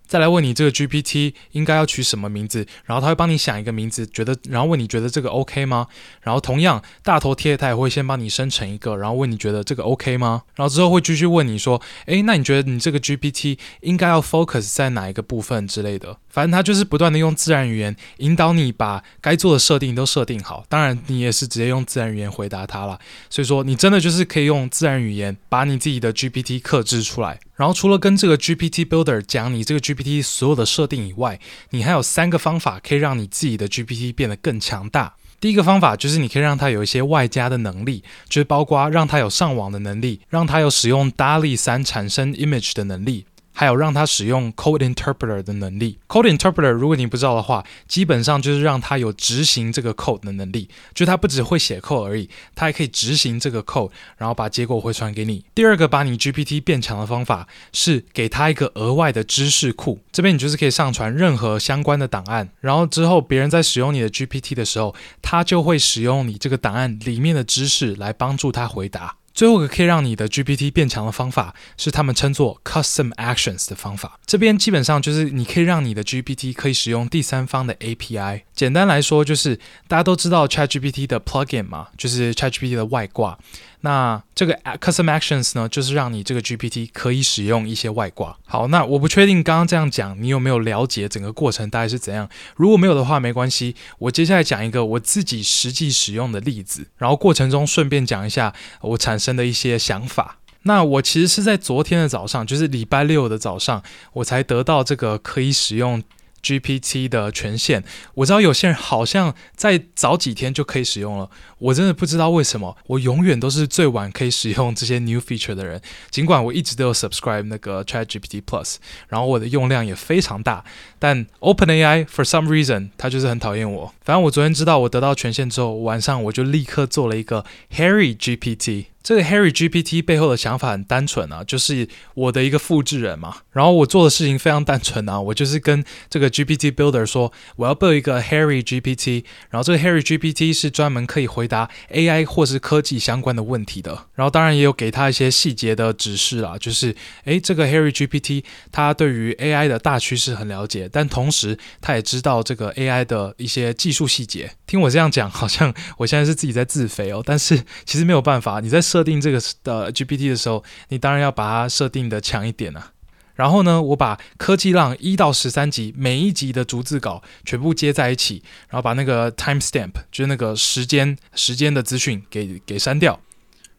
再來問你這個 GPT 應該要取什麼名字，然後他會幫你想一個名字，覺得，然後問你覺得這個 OK 嗎？然後同樣大頭貼他也會先幫你生成一個，然後問你覺得這個 OK 嗎？然後之後會繼續問你說，誒，那你覺得你這個 GPT 應該要 focus 在哪一個部分之類的？反正他就是不斷地用自然語言引導你把該做的設定都設定好，當然你也是直接用自然語言回答他了。所以說你真的就是可以用自然語言把你自己的 GPT 客製出來。然後除了跟這個 GPT Builder 講你這個 GPT 所有的設定以外，你還有三個方法可以讓你自己的 GPT 變得更強大。第一個方法就是你可以讓它有一些外加的能力，就是包括讓它有上網的能力，讓它有使用 DALL-E 三產生 image 的能力。還有讓他使用 code interpreter 的能力。code interpreter 如果你不知道的話，基本上就是讓他有執行這個 code 的能力，就他不只會寫 code 而已，他還可以執行這個 code，然後把結果回傳給你。第二個把你 GPT 變強的方法是給他一個額外的知識庫，這邊你就是可以上傳任何相關的檔案，然後之後別人在使用你的 GPT 的時候，他就會使用你這個檔案裡面的知識來幫助他回答。最後一個可以讓你的 GPT 變強的方法是他們稱作 Custom Actions 的方法。這邊基本上就是你可以讓你的 GPT 可以使用第三方的 API。簡單來說，就是大家都知道 ChatGPT 的 plugin 嘛，就是 ChatGPT 的外掛。那這個 custom actions 呢，就是讓你這個 GPT 可以使用一些外掛。好，那我不確定剛剛這樣講，你有沒有了解整個過程大概是怎樣？如果沒有的話，沒關係，我接下來講一個我自己實際使用的例子，然後過程中順便講一下我產生的一些想法。那我其實是在昨天的早上，就是禮拜六的早上，我才得到這個可以使用。GPT 的權限，我知道有些人好像在早幾天就可以使用了，我真的不知道為什麼，我永遠都是最晚可以使用這些 new feature 的人，儘管我一直都有 subscribe 那個 ChatGPT Plus，然後我的用量也非常大，但 OpenAI for some reason 它就是很討厭我，反正我昨天知道我得到權限之後，晚上我就立刻做了一個 Harry GPT。這個 Harry GPT 背後的想法很單純啊，就是我的一個複製人嘛。然後我做的事情非常單純啊，我就是跟這個 GPT Builder 說，我要 build 一個 Harry GPT。然後這個 Harry GPT 是專門可以回答 AI 或是科技相關的問題的。然後當然也有給他一些細節的指示啦、啊，就是，誒，這個 Harry GPT 他對於 AI 的大趨勢很了解，但同時他也知道這個 AI 的一些技術細節。聽我這樣講，好像我現在是自己在自肥哦。但是其實沒有辦法，你在。設定這個的 GPT 的時候，你當然要把它設定的強一點啊。然後呢，我把科技浪一到十三集每一集的逐字稿全部接在一起，然後把那個 time stamp 就是那個時間時間的資訊給給刪掉。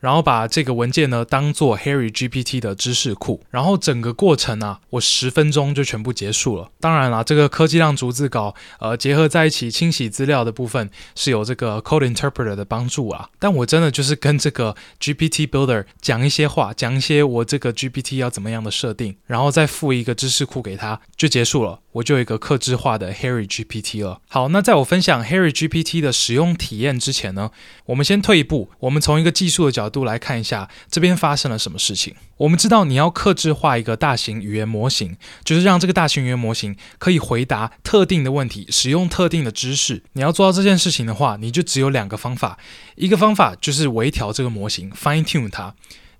然後把這個文件呢當做 Harry GPT 的知識庫，然後整個過程啊，我十分鐘就全部結束了。當然啦，這個科技量逐字稿，呃，結合在一起清洗資料的部分是有這個 Code Interpreter 的幫助啊。但我真的就是跟這個 GPT Builder 講一些話，講一些我這個 GPT 要怎麼樣的設定，然後再附一個知識庫給他，就結束了。我就有一個客製化的 Harry GPT 了。好，那在我分享 Harry GPT 的使用體驗之前呢，我們先退一步，我們從一個技術的角度。角度來看一下，這邊發生了什麼事情？我們知道你要客製化一個大型語言模型，就是讓這個大型語言模型可以回答特定的問題，使用特定的知識。你要做到這件事情的話，你就只有兩個方法：一個方法就是微調這個模型 （fine-tune 它）；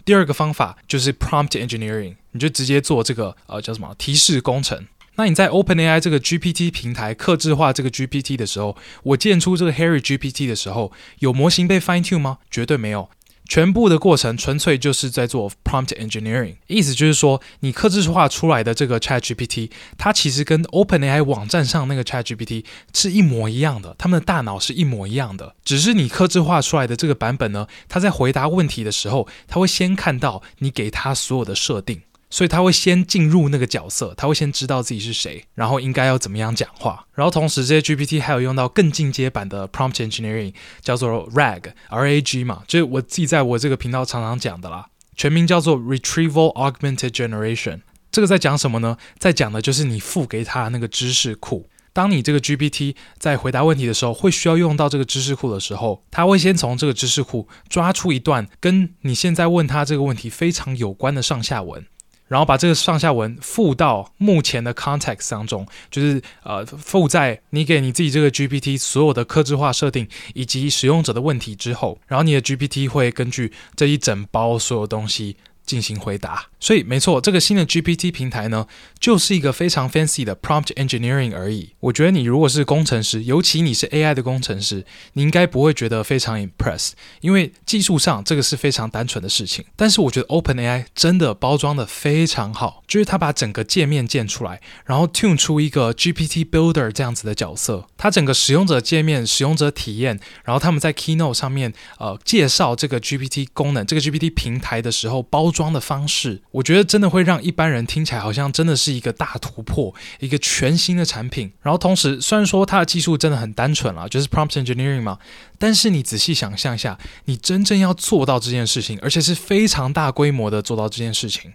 第二個方法就是 prompt engineering，你就直接做這個呃叫什麼提示工程。那你在 OpenAI 這個 GPT 平台客製化這個 GPT 的時候，我建出這個 Harry GPT 的時候，有模型被 fine-tune 嗎？絕對沒有。全部的過程純粹就是在做 prompt engineering，意思就是說，你客製化出來的這個 ChatGPT，它其實跟 OpenAI 網站上那個 ChatGPT 是一模一樣的，他們的大腦是一模一樣的，只是你客製化出來的這個版本呢，它在回答問題的時候，它會先看到你給它所有的設定。所以他會先進入那個角色，他會先知道自己是誰，然後應該要怎麼樣講話。然後同時，這些 GPT 還有用到更進階版的 prompt engineering，叫做 RAG，R A G 嘛，就是我自己在我這個頻道常常講的啦。全名叫做 Retrieval Augmented Generation。這個在講什麼呢？在講的就是你付給他那個知識庫。當你這個 GPT 在回答問題的時候，會需要用到這個知識庫的時候，他會先從這個知識庫抓出一段跟你現在問他這個問題非常有關的上下文。然後把這個上下文附到目前的 context 當中，就是呃附在你給你自己這個 GPT 所有的客製化設定以及使用者的問題之後，然後你的 GPT 會根據這一整包所有東西進行回答。所以，沒錯，這個新的 GPT 平台呢，就是一個非常 fancy 的 prompt engineering 而已。我覺得你如果是工程師，尤其你是 AI 的工程師，你應該不會覺得非常 impressed，因為技術上這個是非常單純的事情。但是，我覺得 OpenAI 真的包裝得非常好，就是它把整個界面建出來，然後 tune 出一個 GPT Builder 這樣子的角色。它整個使用者界面、使用者體驗，然後他們在 Keynote 上面呃介紹這個 GPT 功能、這個 GPT 平台的時候，包裝的方式。我覺得真的會讓一般人聽起來好像真的是一個大突破，一個全新的產品。然後同時，雖然說它的技術真的很單純了，就是 prompt engineering 嘛，但是你仔細想象一下，你真正要做到這件事情，而且是非常大規模的做到這件事情。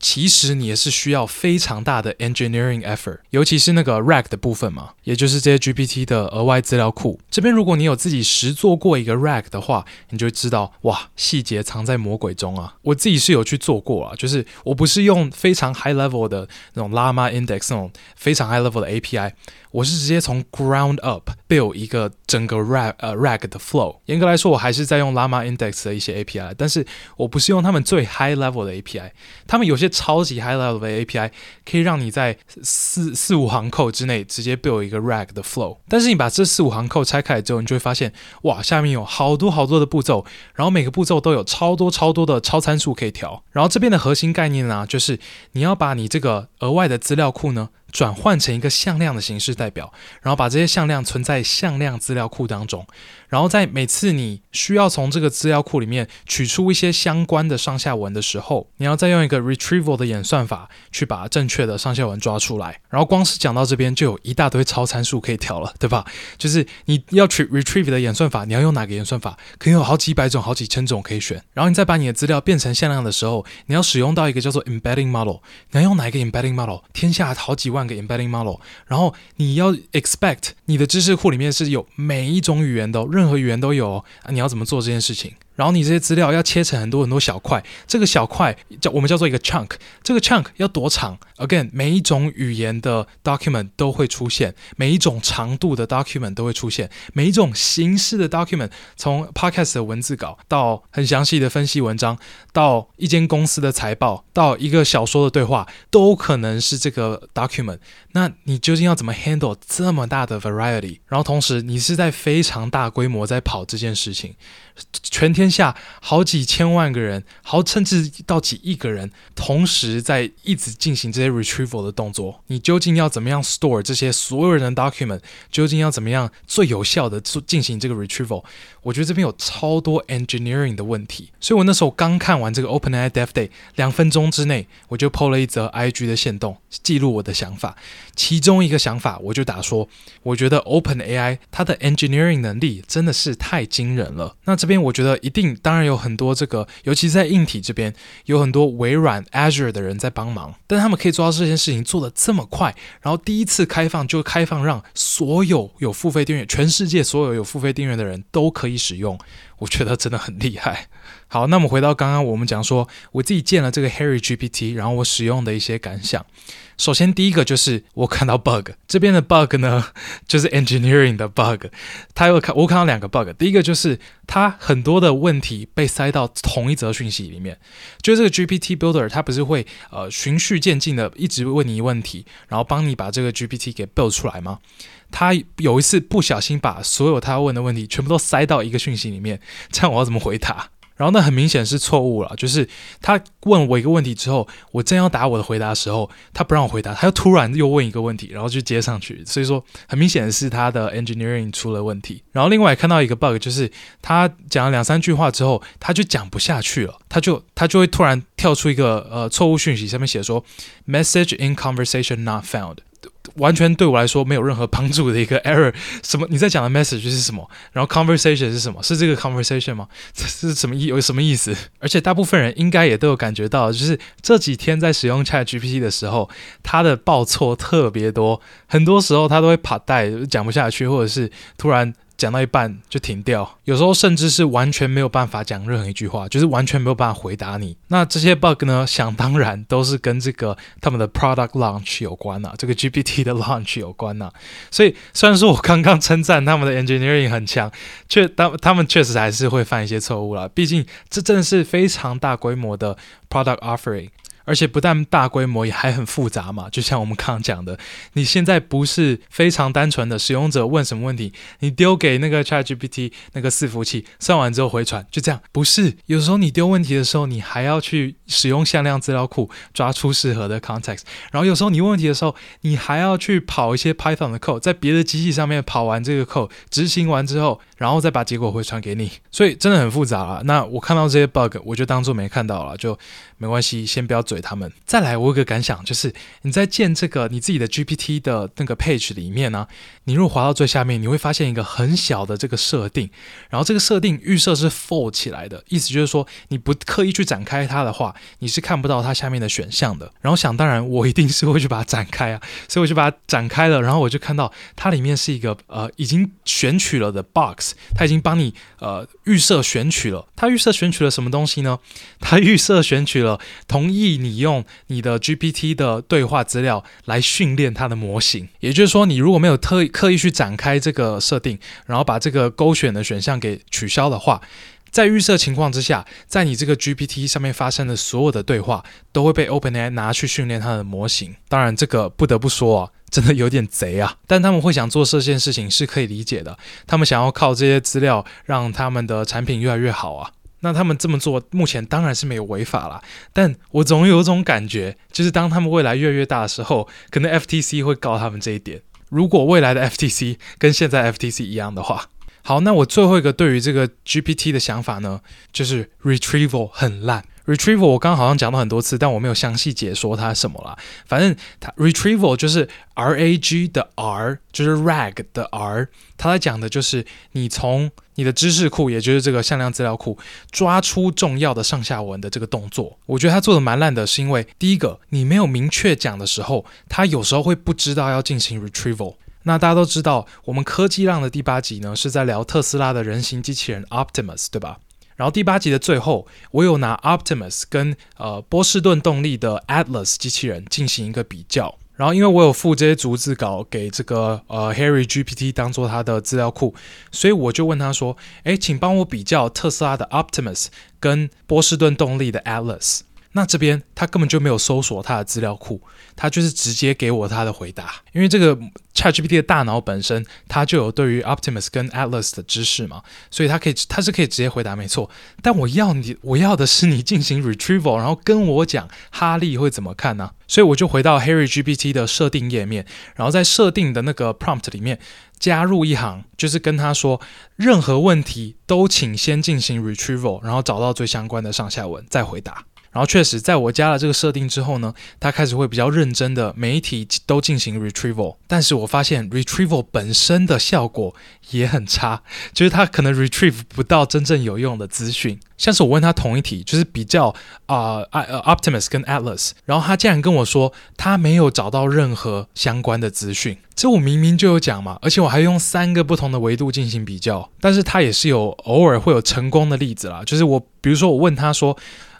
其實你也是需要非常大的 engineering effort，尤其是那個 rag 的部分嘛，也就是這些 GPT 的額外資料庫。這邊如果你有自己實做過一個 rag 的話，你就會知道哇，細節藏在魔鬼中啊！我自己是有去做過啊，就是我不是用非常 high level 的那種 llama index 那種非常 high level 的 API，我是直接從 ground up build 一個整個 rag 呃 rag 的 flow。嚴格來說，我還是在用 llama index 的一些 API，但是我不是用他們最 high level 的 API，他們有些。超級 high level 的 API 可以讓你在四四五行扣之內直接 build 一個 rag 的 flow。但是你把這四五行扣拆開之後，你就會發現，哇，下面有好多好多的步驟，然後每個步驟都有超多超多的超參數可以調。然後這邊的核心概念呢，啊，就是你要把你這個額外的資料庫呢。轉換成一個向量的形式代表，然後把這些向量存在向量資料庫當中，然後在每次你需要從這個資料庫裡面取出一些相關的上下文的時候，你要再用一個 retrieval 的演算法，去把正確的上下文抓出來。然後光是講到這邊就有一大堆超參數可以調了，對吧？就是你要取 retrieval 的演算法，你要用哪個演算法，可以有好幾百種、好幾千種可以選。然後你再把你的資料變成向量的時候，你要使用到一個叫做 embedding model，你要用哪一個 embedding model？天下好幾萬。個 embedding model，然後你要 expect 你的知識庫裡面是有每一種語言的，任何語言都有，啊，你要怎麼做這件事情？然後你這些資料要切成很多很多小塊，這個小塊叫我們叫做一個 chunk，這個 chunk 要多長？Again，每一種語言的 document 都會出現，每一種長度的 document 都會出現，每一種形式的 document，從 podcast 的文字稿到很詳細的分析文章，到一間公司的財報，到一個小說的對話，都可能是這個 document。那你究竟要怎麼 handle 這麼大的 variety？然後同時你是在非常大規模在跑這件事情，全天下好幾千萬個人，好甚至到幾億個人同時在一直進行這些 retrieval 的動作，你究竟要怎麼樣 store 這些所有人的 document？究竟要怎麼樣最有效的進行這個 retrieval？我覺得這邊有超多 engineering 的問題，所以我那時候剛看完這個 OpenAI Dev Day，兩分鐘之內我就 po 了一則 IG 的限動，記錄我的想法。其中一個想法，我就打說，我覺得 OpenAI 它的 engineering 能力真的是太驚人了。那這邊我覺得一定當然有很多這個，尤其是在硬體這邊，有很多微軟 Azure 的人在幫忙，但他們可以做到這件事情做得這麼快，然後第一次開放就開放讓所有有付費訂閱全世界所有有付費訂閱的人都可以使用，我覺得真的很厲害。好，那我們回到剛剛我們講說，我自己建了這個 Harry GPT，然後我使用的一些感想。首先，第一個就是我看到 bug，這邊的 bug 呢，就是 engineering 的 bug。他有看，我看到兩個 bug。第一個就是他很多的問題被塞到同一則訊息裡面。就是這個 GPT Builder，他不是會呃循序漸進的一直問你問題，然後幫你把這個 GPT 給 build 出來嗎？他有一次不小心把所有他要問的問題全部都塞到一個訊息裡面，這樣我要怎麼回答？然後那很明顯是錯誤了，就是他問我一個問題之後，我正要答我的回答的時候，他不讓我回答，他又突然又問一個問題，然後就接上去。所以說很明顯是他的 engineering 出了問題。然後另外看到一個 bug，就是他講了兩三句話之後，他就講不下去了，他就他就會突然跳出一個呃錯誤訊息，上面寫說 Message in conversation not found。完全對我來說沒有任何幫助的一個 error，什麼你在講的 message 是什麼？然後 conversation 是什麼？是這個 conversation 嗎？這是什麼意？有什麼意思？而且大部分人應該也都有感覺到，就是這幾天在使用 ChatGPT 的時候，它的報錯特別多，很多時候它都會卡帶，講不下去，或者是突然，講到一半就停掉，有時候甚至是完全沒有辦法講任何一句話，就是完全沒有辦法回答你。那這些 bug 呢，想當然都是跟這個他們的 product launch 有關吶、啊，這個 GPT 的 launch 有關吶、啊。所以雖然說我剛剛稱讚他們的 engineering 很強，卻但他，他們確實還是會犯一些錯誤啦，畢竟這真是非常大規模的 product offering。而且不但大規模，也還很複雜嘛。就像我們剛剛講的，你現在不是非常單純的使用者問什麼問題，你丟給那個 ChatGPT 那個伺服器算完之後回傳，就這樣。不是，有時候你丟問題的時候，你還要去使用向量資料庫抓出適合的 context，然後有時候你問問題的時候，你還要去跑一些 Python 的 code，在別的機器上面跑完這個 code 執行完之後，然後再把結果回傳給你。所以真的很複雜啊。那我看到這些 bug，我就當做沒看到了，就。沒關係，先不要嘴他們。再來，我有一個感想，就是你在建這個你自己的 GPT 的那個 page 裡面呢、啊，你如果滑到最下面，你會發現一個很小的這個設定，然後這個設定預設是 fold 起來的，意思就是說你不刻意去展開它的話，你是看不到它下面的選項的。然後想當然，我一定是會去把它展開啊，所以我就把它展開了，然後我就看到它裡面是一個呃已經選取了的 box，它已經幫你呃預設選取了，它預設選取了什麼東西呢？它預設選取了，同意你用你的 GPT 的對話資料來訓練它的模型，也就是說，你如果沒有特意刻意去展開這個設定，然後把這個勾選的選項給取消的話，在預設情況之下，在你這個 GPT 上面發生的所有的對話都會被 OpenAI 拿去訓練它的模型。當然，這個不得不說啊，真的有點賊啊。但他們會想做這件事情是可以理解的，他們想要靠這些資料讓他們的產品越來越好啊。那他們這麼做，目前當然是沒有違法啦。但我總有一種感覺，就是當他們未來越來越大的時候，可能 FTC 會告他們這一點。如果未來的 FTC 跟現在 FTC 一樣的話，好，那我最後一個對於這個 GPT 的想法呢，就是 retrieval 很爛。retrieval 我剛剛好像講了很多次，但我沒有詳細解說它什麼啦。反正它 retrieval 就是 RAG 的 R，就是 rag 的 R，他在講的就是你從你的知識庫，也就是這個向量資料庫，抓出重要的上下文的這個動作，我覺得它做的蠻爛的，是因為第一個，你沒有明確講的時候，它有時候會不知道要進行 retrieval。那大家都知道，我們科技浪的第八集呢，是在聊特斯拉的人形機器人 Optimus，對吧？然後第八集的最後，我有拿 Optimus 跟呃波士頓動力的 Atlas 機器人進行一個比較。然後，因為我有附這些逐字稿給這個呃 Harry GPT 當作他的資料庫，所以我就問他說：“哎，請幫我比較特斯拉的 Optimus 跟波士頓動力的 Atlas。”那這邊他根本就沒有搜索他的資料庫，他就是直接給我的他的回答，因為這個 ChatGPT 的大腦本身它就有對於 Optimus 跟 Atlas 的知識嘛，所以它可以它是可以直接回答沒錯。但我要你，我要的是你進行 retrieval，然後跟我講哈利會怎麼看呢、啊？所以我就回到 Harry GPT 的設定頁面，然後在設定的那個 prompt 裡面加入一行，就是跟他說任何問題都請先進行 retrieval，然後找到最相關的上下文再回答。然後確實，在我加了這個設定之後呢，他開始會比較認真的每一題都進行 retrieval。但是我發現 retrieval 本身的效果也很差，就是他可能 retrieve 不到真正有用的資訊。像是我問他同一題，就是比較啊、呃，Optimus 跟 Atlas，然後他竟然跟我說他沒有找到任何相關的資訊。這我明明就有講嘛，而且我還用三個不同的維度進行比較，但是他也是有偶爾會有成功的例子啦。就是我，比如說我問他說。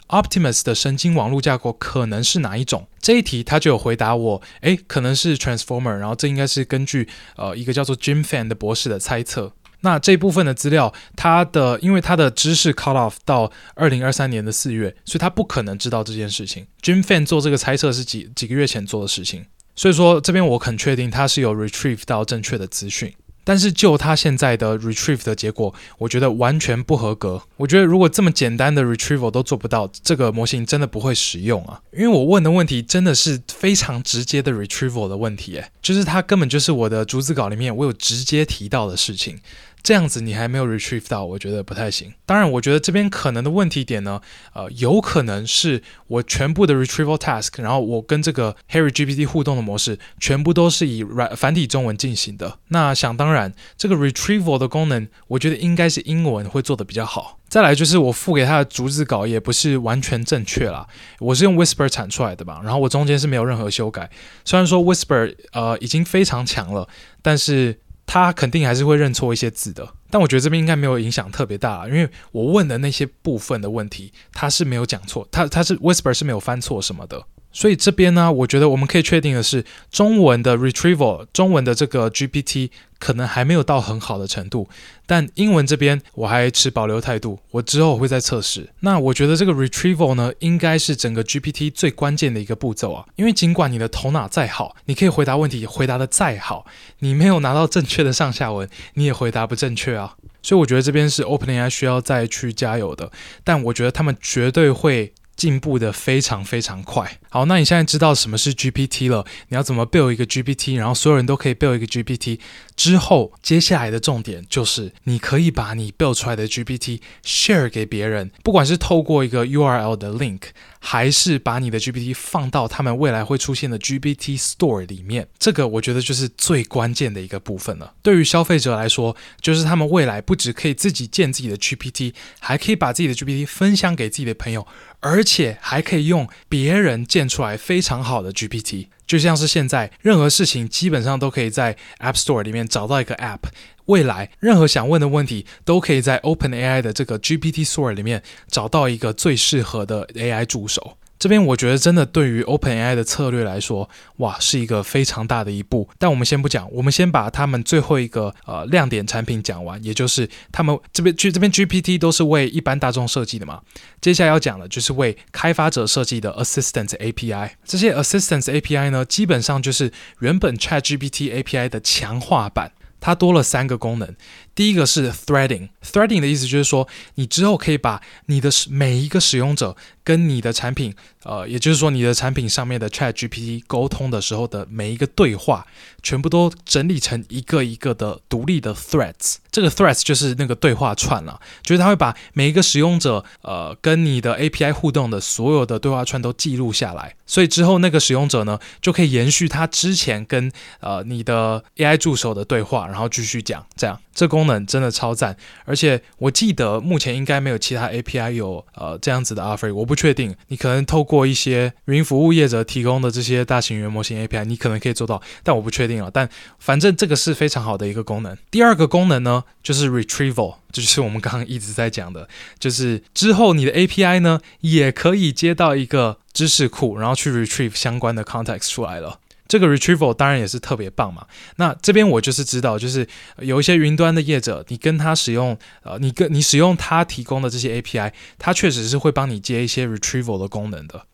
Optimus 的神經網絡架構可能是哪一種？這一題他就有回答我，誒，可能是 Transformer。然後這應該是根據呃一個叫做 Jim Fan 的博士的猜測。那這部分的資料，他的，因為他的知識 cut off 到二零二三年的四月，所以他不可能知道這件事情。Jim Fan 做這個猜測是幾幾個月前做的事情，所以說這邊我肯確定他是有 retrieve 到正確的資訊。但是就它現在的 retrieve 的結果，我覺得完全不合格。我覺得如果這麼簡單的 retrieval 都做不到，這個模型真的不會實用啊。因為我問的問題真的是非常直接的 retrieval 的問題、欸，誒，就是它根本就是我的逐字稿裡面我有直接提到的事情。這樣子你還沒有 retrieve 到，我覺得不太行。當然，我覺得這邊可能的問題點呢，呃，有可能是我全部的 retrieval task，然後我跟這個 Harry GPT 互動的模式，全部都是以軟繁體中文進行的。那想當然，這個 retrieval 的功能，我覺得應該是英文會做得比較好。再來就是我付給他的逐字稿也不是完全正確啦，我是用 Whisper 產出來的吧，然後我中間是沒有任何修改。雖然說 Whisper 呃已經非常強了，但是。他肯定還是會認錯一些字的，但我覺得這邊應該沒有影響特別大，因為我問的那些部分的問題，他是沒有講錯，他他是 whisper 是沒有翻錯什麼的，所以這邊呢，我覺得我們可以確定的是，中文的 retrieval，中文的這個 GPT 可能還沒有到很好的程度。但英文這邊我還持保留態度，我之後會再測試。那我覺得這個 retrieval 呢，應該是整個 GPT 最關鍵的一個步驟啊，因為儘管你的頭腦再好，你可以回答問題回答的再好，你沒有拿到正確的上下文，你也回答不正確啊。所以我覺得這邊是 OpenAI 需要再去加油的，但我覺得他們絕對會進步的非常非常快。好，那你現在知道什麼是 GPT 了？你要怎麼 build 一個 GPT？然後所有人都可以 build 一個 GPT。之後，接下來的重點就是你可以把你 build 出來的 GPT share 給別人，不管是透過一個 URL 的 link，還是把你的 GPT 放到他們未來會出現的 GPT Store 裡面。這個我覺得就是最關鍵的一個部分了。對於消費者來說，就是他們未來不只可以自己建自己的 GPT，還可以把自己的 GPT 分享給自己的朋友，而且還可以用別人建。出來非常好的 GPT，就像是現在任何事情基本上都可以在 App Store 裡面找到一個 App，未來任何想問的問題都可以在 OpenAI 的這個 GPT Store 裡面找到一個最適合的 AI 助手。這邊我覺得真的對於 OpenAI 的策略來說，哇，是一個非常大的一步。但我們先不講，我們先把他們最後一個呃亮點產品講完，也就是他們這邊去這邊 GPT 都是為一般大眾設計的嘛。接下來要講的就是為開發者設計的 Assistants API。這些 Assistants API 呢，基本上就是原本 ChatGPT API 的強化版，它多了三個功能。第一個是 Threading，Threading threading 的意思就是說，你之後可以把你的每一個使用者。跟你的產品，呃，也就是說你的產品上面的 ChatGPT 溝通的時候的每一個對話，全部都整理成一個一個的獨立的 threads，這個 threads 就是那個對話串了，就是它會把每一個使用者呃跟你的 API 互動的所有的對話串都記錄下來，所以之後那個使用者呢，就可以延續他之前跟呃你的 AI 助手的對話，然後繼續講，這樣這功能真的超讚，而且我記得目前應該沒有其他 API 有呃這樣子的 offer，我不確定，你可能透過一些雲服務業者提供的這些大型語言模型 API，你可能可以做到，但我不確定了。但反正這個是非常好的一個功能。第二個功能呢，就是 Retrieval，就是我們剛剛一直在講的，就是之後你的 API 呢也可以接到一個知識庫，然後去 Retrieve 相關的 Context 出來了。這個 retrieval 當然也是特別棒嘛。那這邊我就是知道，就是有一些雲端的業者，你跟他使用，呃，你跟你使用他提供的這些 API，他確實是會幫你接一些 retrieval 的功能的。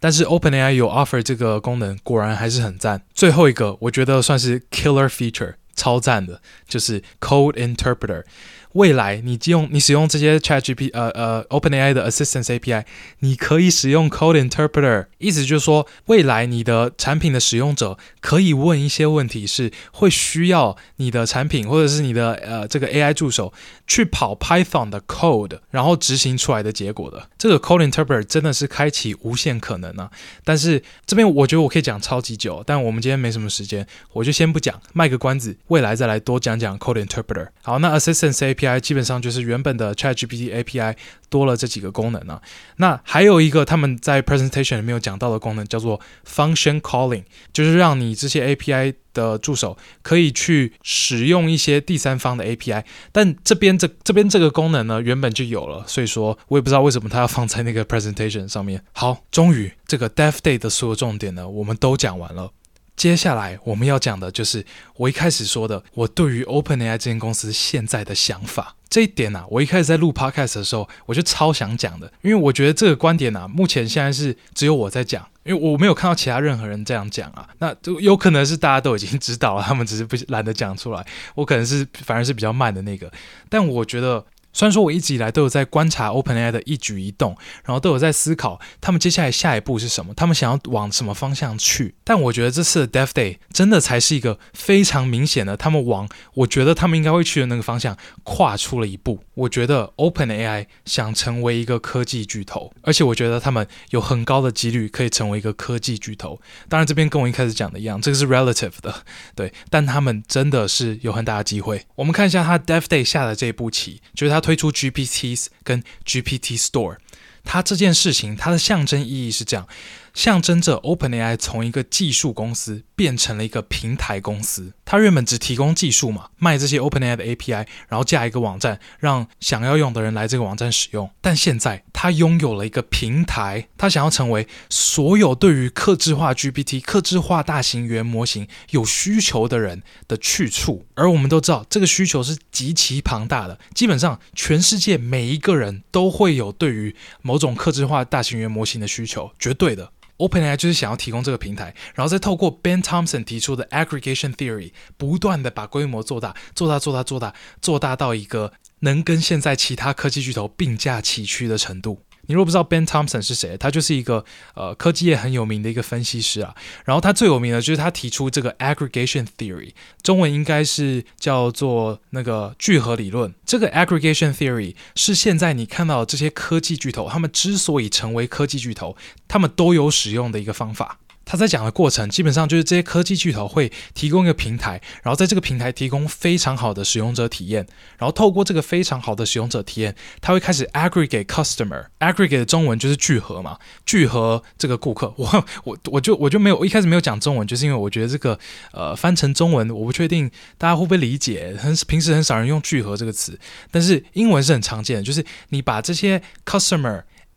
但是 OpenAI 有 offer 這個功能，果然還是很讚。最後一個，我覺得算是 killer feature，超讚的，就是 code interpreter。未來，你用你使用這些 Chat G P T 呃呃 Open A I 的 Assistance A P I，你可以使用 Code Interpreter，意思就是說，未來你的產品的使用者可以問一些問題是會需要你的產品或者是你的呃這個 A I 助手去跑 Python 的 code，然後執行出來的結果的。這個 Code Interpreter 真的是開啟無限可能呢，啊。但是這邊我覺得我可以講超級久，但我們今天沒什麼時間，我就先不講，賣個關子，未來再來多講講 Code Interpreter。好，那 Assistance A P I，API 基本上就是原本的 ChatGPT API 多了這幾個功能了啊。那還有一個他們在 presentation 裡面有講到的功能叫做 function calling，就是讓你這些 API 的助手可以去使用一些第三方的 API。但這邊這這邊這個功能呢原本就有了，所以說我也不知道為什麼它要放在那個 presentation 上面。好，終於這個 DevDay 的所有重點呢我們都講完了。接下來我們要講的就是我一開始說的，我對於 OpenAI 這間公司現在的想法。這一點啊，我一開始在錄 Podcast 的時候，我就超想講的，因為我覺得這個觀點啊，目前現在是只有我在講，因為我沒有看到其他任何人這樣講啊。那就有可能是大家都已經知道了，他們只是不懶得講出來。我可能是反而是比較慢的那個，但我覺得。雖然說，我一直以來都有在觀察 OpenAI 的一舉一動，然後都有在思考他們接下來下一步是什麼，他們想要往什麼方向去。但我覺得這次的 DevDay 真的才是一個非常明顯的，他們往我覺得他們應該會去的那個方向跨出了一步。我覺得 OpenAI 想成為一個科技巨頭，而且我覺得他們有很高的幾率可以成為一個科技巨頭。當然，這邊跟我一開始講的一樣，這個是 relative 的，對，但他們真的是有很大的機會。我們看一下他 DevDay 下的這一步棋，就是他。推出 GPTs 跟 GPT Store，它這件事情，它的象徵意義是這樣，象徵着 OpenAI 從一個技術公司變成了一個平台公司。他原本只提供技術嘛，賣這些 OpenAI 的 API，然後架一個網站，讓想要用的人來這個網站使用。但現在他擁有了一個平台，他想要成為所有對於客製化 GPT、客製化大型語言模型有需求的人的去處。而我們都知道，這個需求是極其龐大的，基本上全世界每一個人都會有對於某種客製化大型語言模型的需求，絕對的。OpenAI 就是想要提供這個平台，然後再透過 Ben Thompson 提出的 Aggregation Theory，不斷的把規模做大，做大，做大，做大，做大到一個能跟現在其他科技巨頭並駕齊驅的程度。你若不知道 Ben Thompson 是誰，他就是一個呃科技業很有名的一個分析師啊。然後他最有名的，就是他提出這個 Aggregation Theory，中文應該是叫做那個聚合理論。這個 Aggregation Theory 是現在你看到的這些科技巨頭，他們之所以成為科技巨頭，他們都有使用的一個方法。他在講的過程，基本上就是這些科技巨頭會提供一個平台，然後在這個平台提供非常好的使用者體驗，然後透過這個非常好的使用者體驗，他會開始 aggregate customer aggregate 中文就是聚合嘛，聚合這個顧客。我我我就我就沒有，我一開始沒有講中文，就是因為我覺得這個呃翻成中文我不確定大家會不會理解，很平時很少人用聚合這個詞，但是英文是很常見的，就是你把這些 customer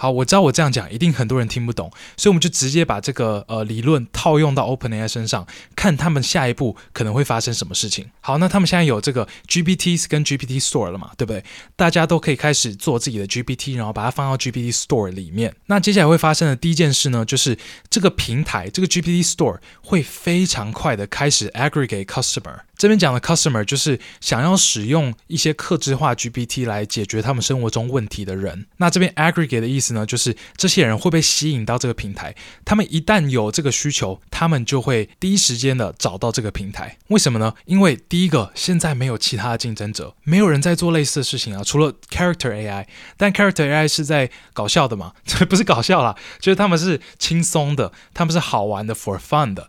好，我知道我這樣講一定很多人聽不懂，所以我們就直接把這個呃理論套用到 OpenAI 身上，看他們下一步可能會發生什麼事情。好，那他們現在有這個 GPTs 跟 GPT Store 了嘛，對不對？大家都可以開始做自己的 GPT，然後把它放到 GPT Store 裡面。那接下來會發生的第一件事呢，就是這個平台，這個 GPT Store 會非常快的開始 aggregate customer。這邊講的 customer 就是想要使用一些客製化 GPT 來解決他們生活中問題的人。那這邊 aggregate 的意思。呢，就是這些人會被吸引到這個平台，他們一旦有這個需求，他們就會第一時間的找到這個平台。為什麼呢？因為第一個，現在沒有其他的競爭者，沒有人在做類似的事情啊。除了 Character AI，但 Character AI 是在搞笑的嘛。這 不是搞笑啦，就是他們是輕鬆的，他們是好玩的，for fun 的。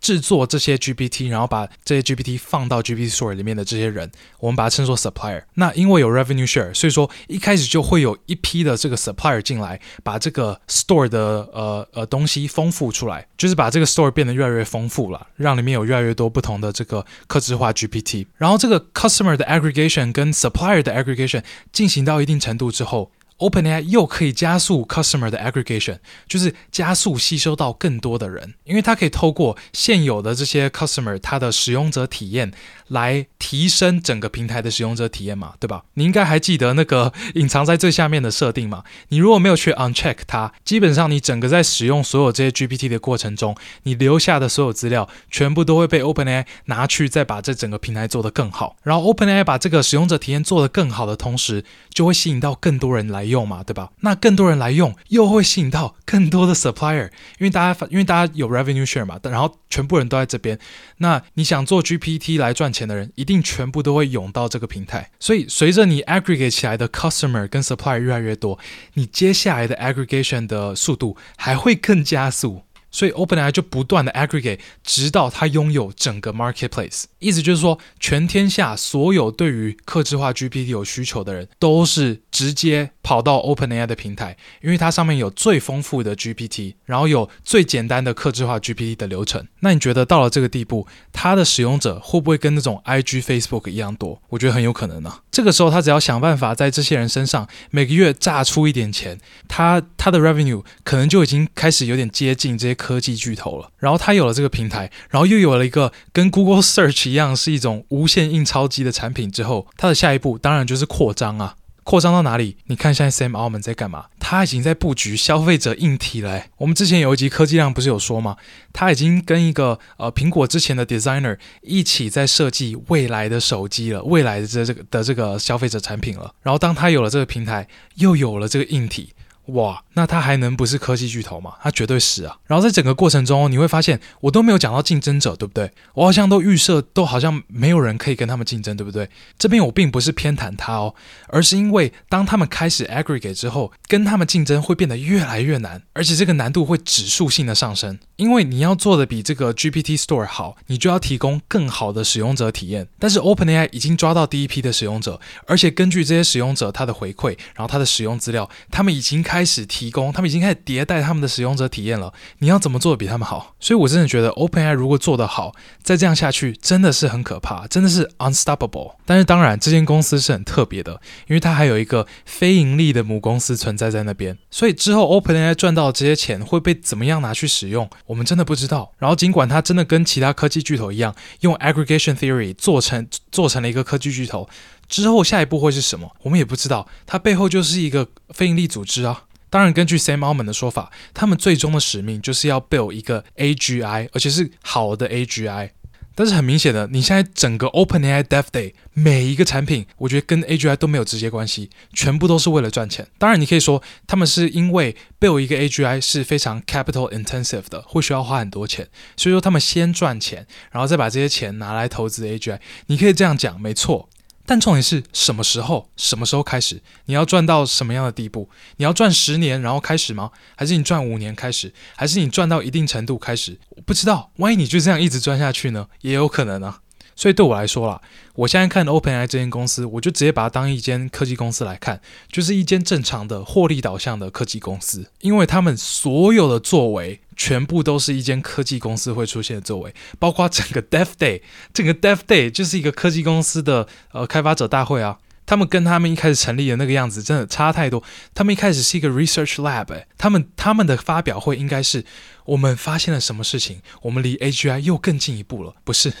製作這些 GPT，然後把這些 GPT 放到 GPT Store 裡面的這些人，我們把它稱作 Supplier。那因為有 Revenue Share，所以說一開始就會有一批的這個 Supplier 進來，把這個 Store 的呃呃東西豐富出來，就是把這個 Store 變得越來越豐富了，讓裡面有越來越多不同的這個客製化 GPT。然後這個 Customer 的 Aggregation 跟 Supplier 的 Aggregation 進行到一定程度之後。OpenAI 又可以加速 customer 的 aggregation，就是加速吸收到更多的人，因為它可以透過現有的這些 customer，它的使用者體驗來提升整個平台的使用者體驗嘛，對吧？你應該還記得那個隱藏在最下面的設定嘛？你如果沒有去 uncheck 它，基本上你整個在使用所有這些 GPT 的過程中，你留下的所有資料全部都會被 OpenAI 拿去，再把這整個平台做得更好。然後 OpenAI 把這個使用者體驗做得更好的同時，就會吸引到更多人來用嘛，對吧？那更多人來用，又會吸引到更多的 supplier，因為大家因為大家有 revenue share 嘛，然後全部人都在這邊。那你想做 GPT 來賺錢的人，一定全部都會湧到這個平台。所以，隨着你 aggregate 起來的 customer 跟 supplier 越來越多，你接下來的 aggregation 的速度還會更加速。所以 OpenAI 就不斷的 aggregate，直到它擁有整個 marketplace。意思就是說，全天下所有對於客制化 GPT 有需求的人，都是直接。跑到 OpenAI 的平台，因為它上面有最豐富的 GPT，然後有最簡單的客制化 GPT 的流程。那你覺得到了這個地步，它的使用者會不會跟那種 IG、Facebook 一樣多？我覺得很有可能啊。這個時候，他只要想辦法在這些人身上每個月榨出一點錢，他他的 revenue 可能就已經開始有點接近這些科技巨頭了。然後他有了這個平台，然後又有了一個跟 Google Search 一樣是一種無限印鈔機的產品之後，他的下一步當然就是擴張啊。擴張到哪裡？你看現在 Sam Altman 在幹嘛？它已經在布局消費者硬體了誒。我們之前有一集科技量不是有說嗎？它已經跟一個呃蘋果之前的 designer 一起在設計未來的手機了，未來的這這個的這個消費者產品了。然後當它有了這個平台，又有了這個硬體。哇，那它還能不是科技巨頭嗎？它絕對是啊。然後在整個過程中哦，你會發現我都沒有講到競爭者，對不對？我好像都預設，都好像沒有人可以跟他們競爭，對不對？這邊我並不是偏袒它哦，而是因為當他們開始 aggregate 之後，跟他們競爭會變得越來越難，而且這個難度會指數性的上升。因為你要做的比這個 GPT Store 好，你就要提供更好的使用者體驗。但是 OpenAI 已經抓到第一批的使用者，而且根據這些使用者他的回饋，然後他的使用資料，他們已經開始。開始提供，他們已經開始迭代他們的使用者體驗了。你要怎麼做得比他們好？所以我真的覺得 OpenAI 如果做得好，再這樣下去真的是很可怕，真的是 unstoppable。但是當然，這間公司是很特別的，因為它還有一個非盈利的母公司存在在那邊。所以之後 OpenAI 賺到的這些錢會被怎麼樣拿去使用，我們真的不知道。然後儘管它真的跟其他科技巨頭一樣，用 aggregation theory 做成做成了一個科技巨頭，之後下一步會是什麼，我們也不知道。它背後就是一個非盈利組織啊。當然，根據 Sam Altman 的說法，他們最終的使命就是要 build 一個 AGI，而且是好的 AGI。但是很明顯的，你現在整個 OpenAI Dev Day 每一個產品，我覺得跟 AGI 都沒有直接關係，全部都是為了賺錢。當然，你可以說他們是因為 build 一個 AGI 是非常 capital intensive 的，會需要花很多錢，所以說他們先賺錢，然後再把這些錢拿來投資 AGI。你可以這樣講，沒錯。但重點是什麼時候？什麼時候開始？你要賺到什麼樣的地步？你要賺十年然後開始嗎？還是你賺五年開始？還是你賺到一定程度開始？我不知道。萬一你就這樣一直賺下去呢？也有可能啊。所以對我來說啦，我現在看 OpenAI 這間公司，我就直接把它當一間科技公司來看，就是一間正常的獲利導向的科技公司，因為他們所有的作為，全部都是一間科技公司會出現的作為，包括整個 DevDay，整個 DevDay 就是一個科技公司的呃開發者大會啊。他們跟他們一開始成立的那個樣子真的差太多。他們一開始是一個 Research Lab，欸，他們他們的發表會應該是我們發現了什麼事情，我們離 AGI 又更進一步了，不是？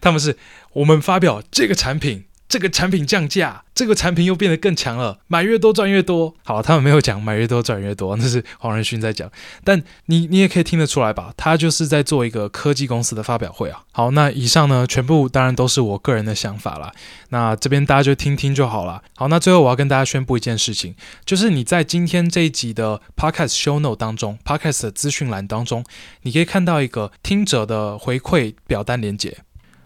他們是我們發表這個產品。這個產品降價，這個產品又變得更強了，買越多賺越多。好，他們沒有講買越多賺越多，那是黃仁勳在講。但你，你也可以聽得出來吧？他就是在做一個科技公司的發表會啊。好，那以上呢，全部當然都是我個人的想法啦。那這邊大家就聽聽就好啦。好，那最後我要跟大家宣布一件事情，就是你在今天這一集的 podcast show note 當中，podcast 的資訊欄當中，你可以看到一個聽者的回饋表單連結。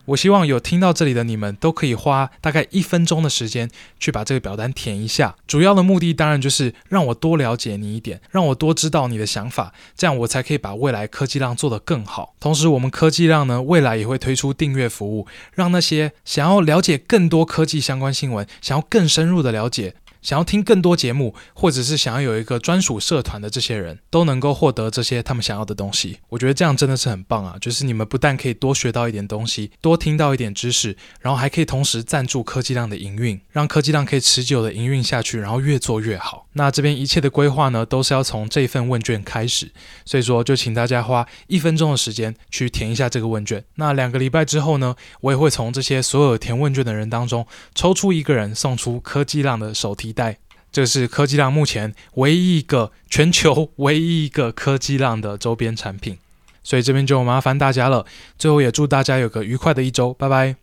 我希望有聽到這裡的你們都可以花大概一分鐘的時間去把這個表單填一下。主要的目的當然就是讓我多了解你一點，讓我多知道你的想法，這樣我才可以把未來科技浪做得更好。同時，我們科技浪呢，未來也會推出訂閱服務，讓那些想要了解更多科技相關新聞、想要更深入的了解，想要聽更多節目，或者是想要有一個專屬社團的這些人都能夠獲得這些他們想要的東西，我覺得這樣真的是很棒啊！就是你們不但可以多學到一點東西，多聽到一點知識，然後還可以同時贊助科技浪的營運，讓科技浪可以持久的營運下去，然後越做越好。那這邊一切的規劃呢，都是要從這份問卷開始，所以說就請大家花一分鐘的時間去填一下這個問卷。那兩個禮拜之後呢，我也會從這些所有填問卷的人當中抽出一個人送出科技浪的手提代這是科技浪目前唯一一個全球唯一一個科技浪的周邊產品，所以這邊就麻煩大家了。最後也祝大家有個愉快的一周，拜拜。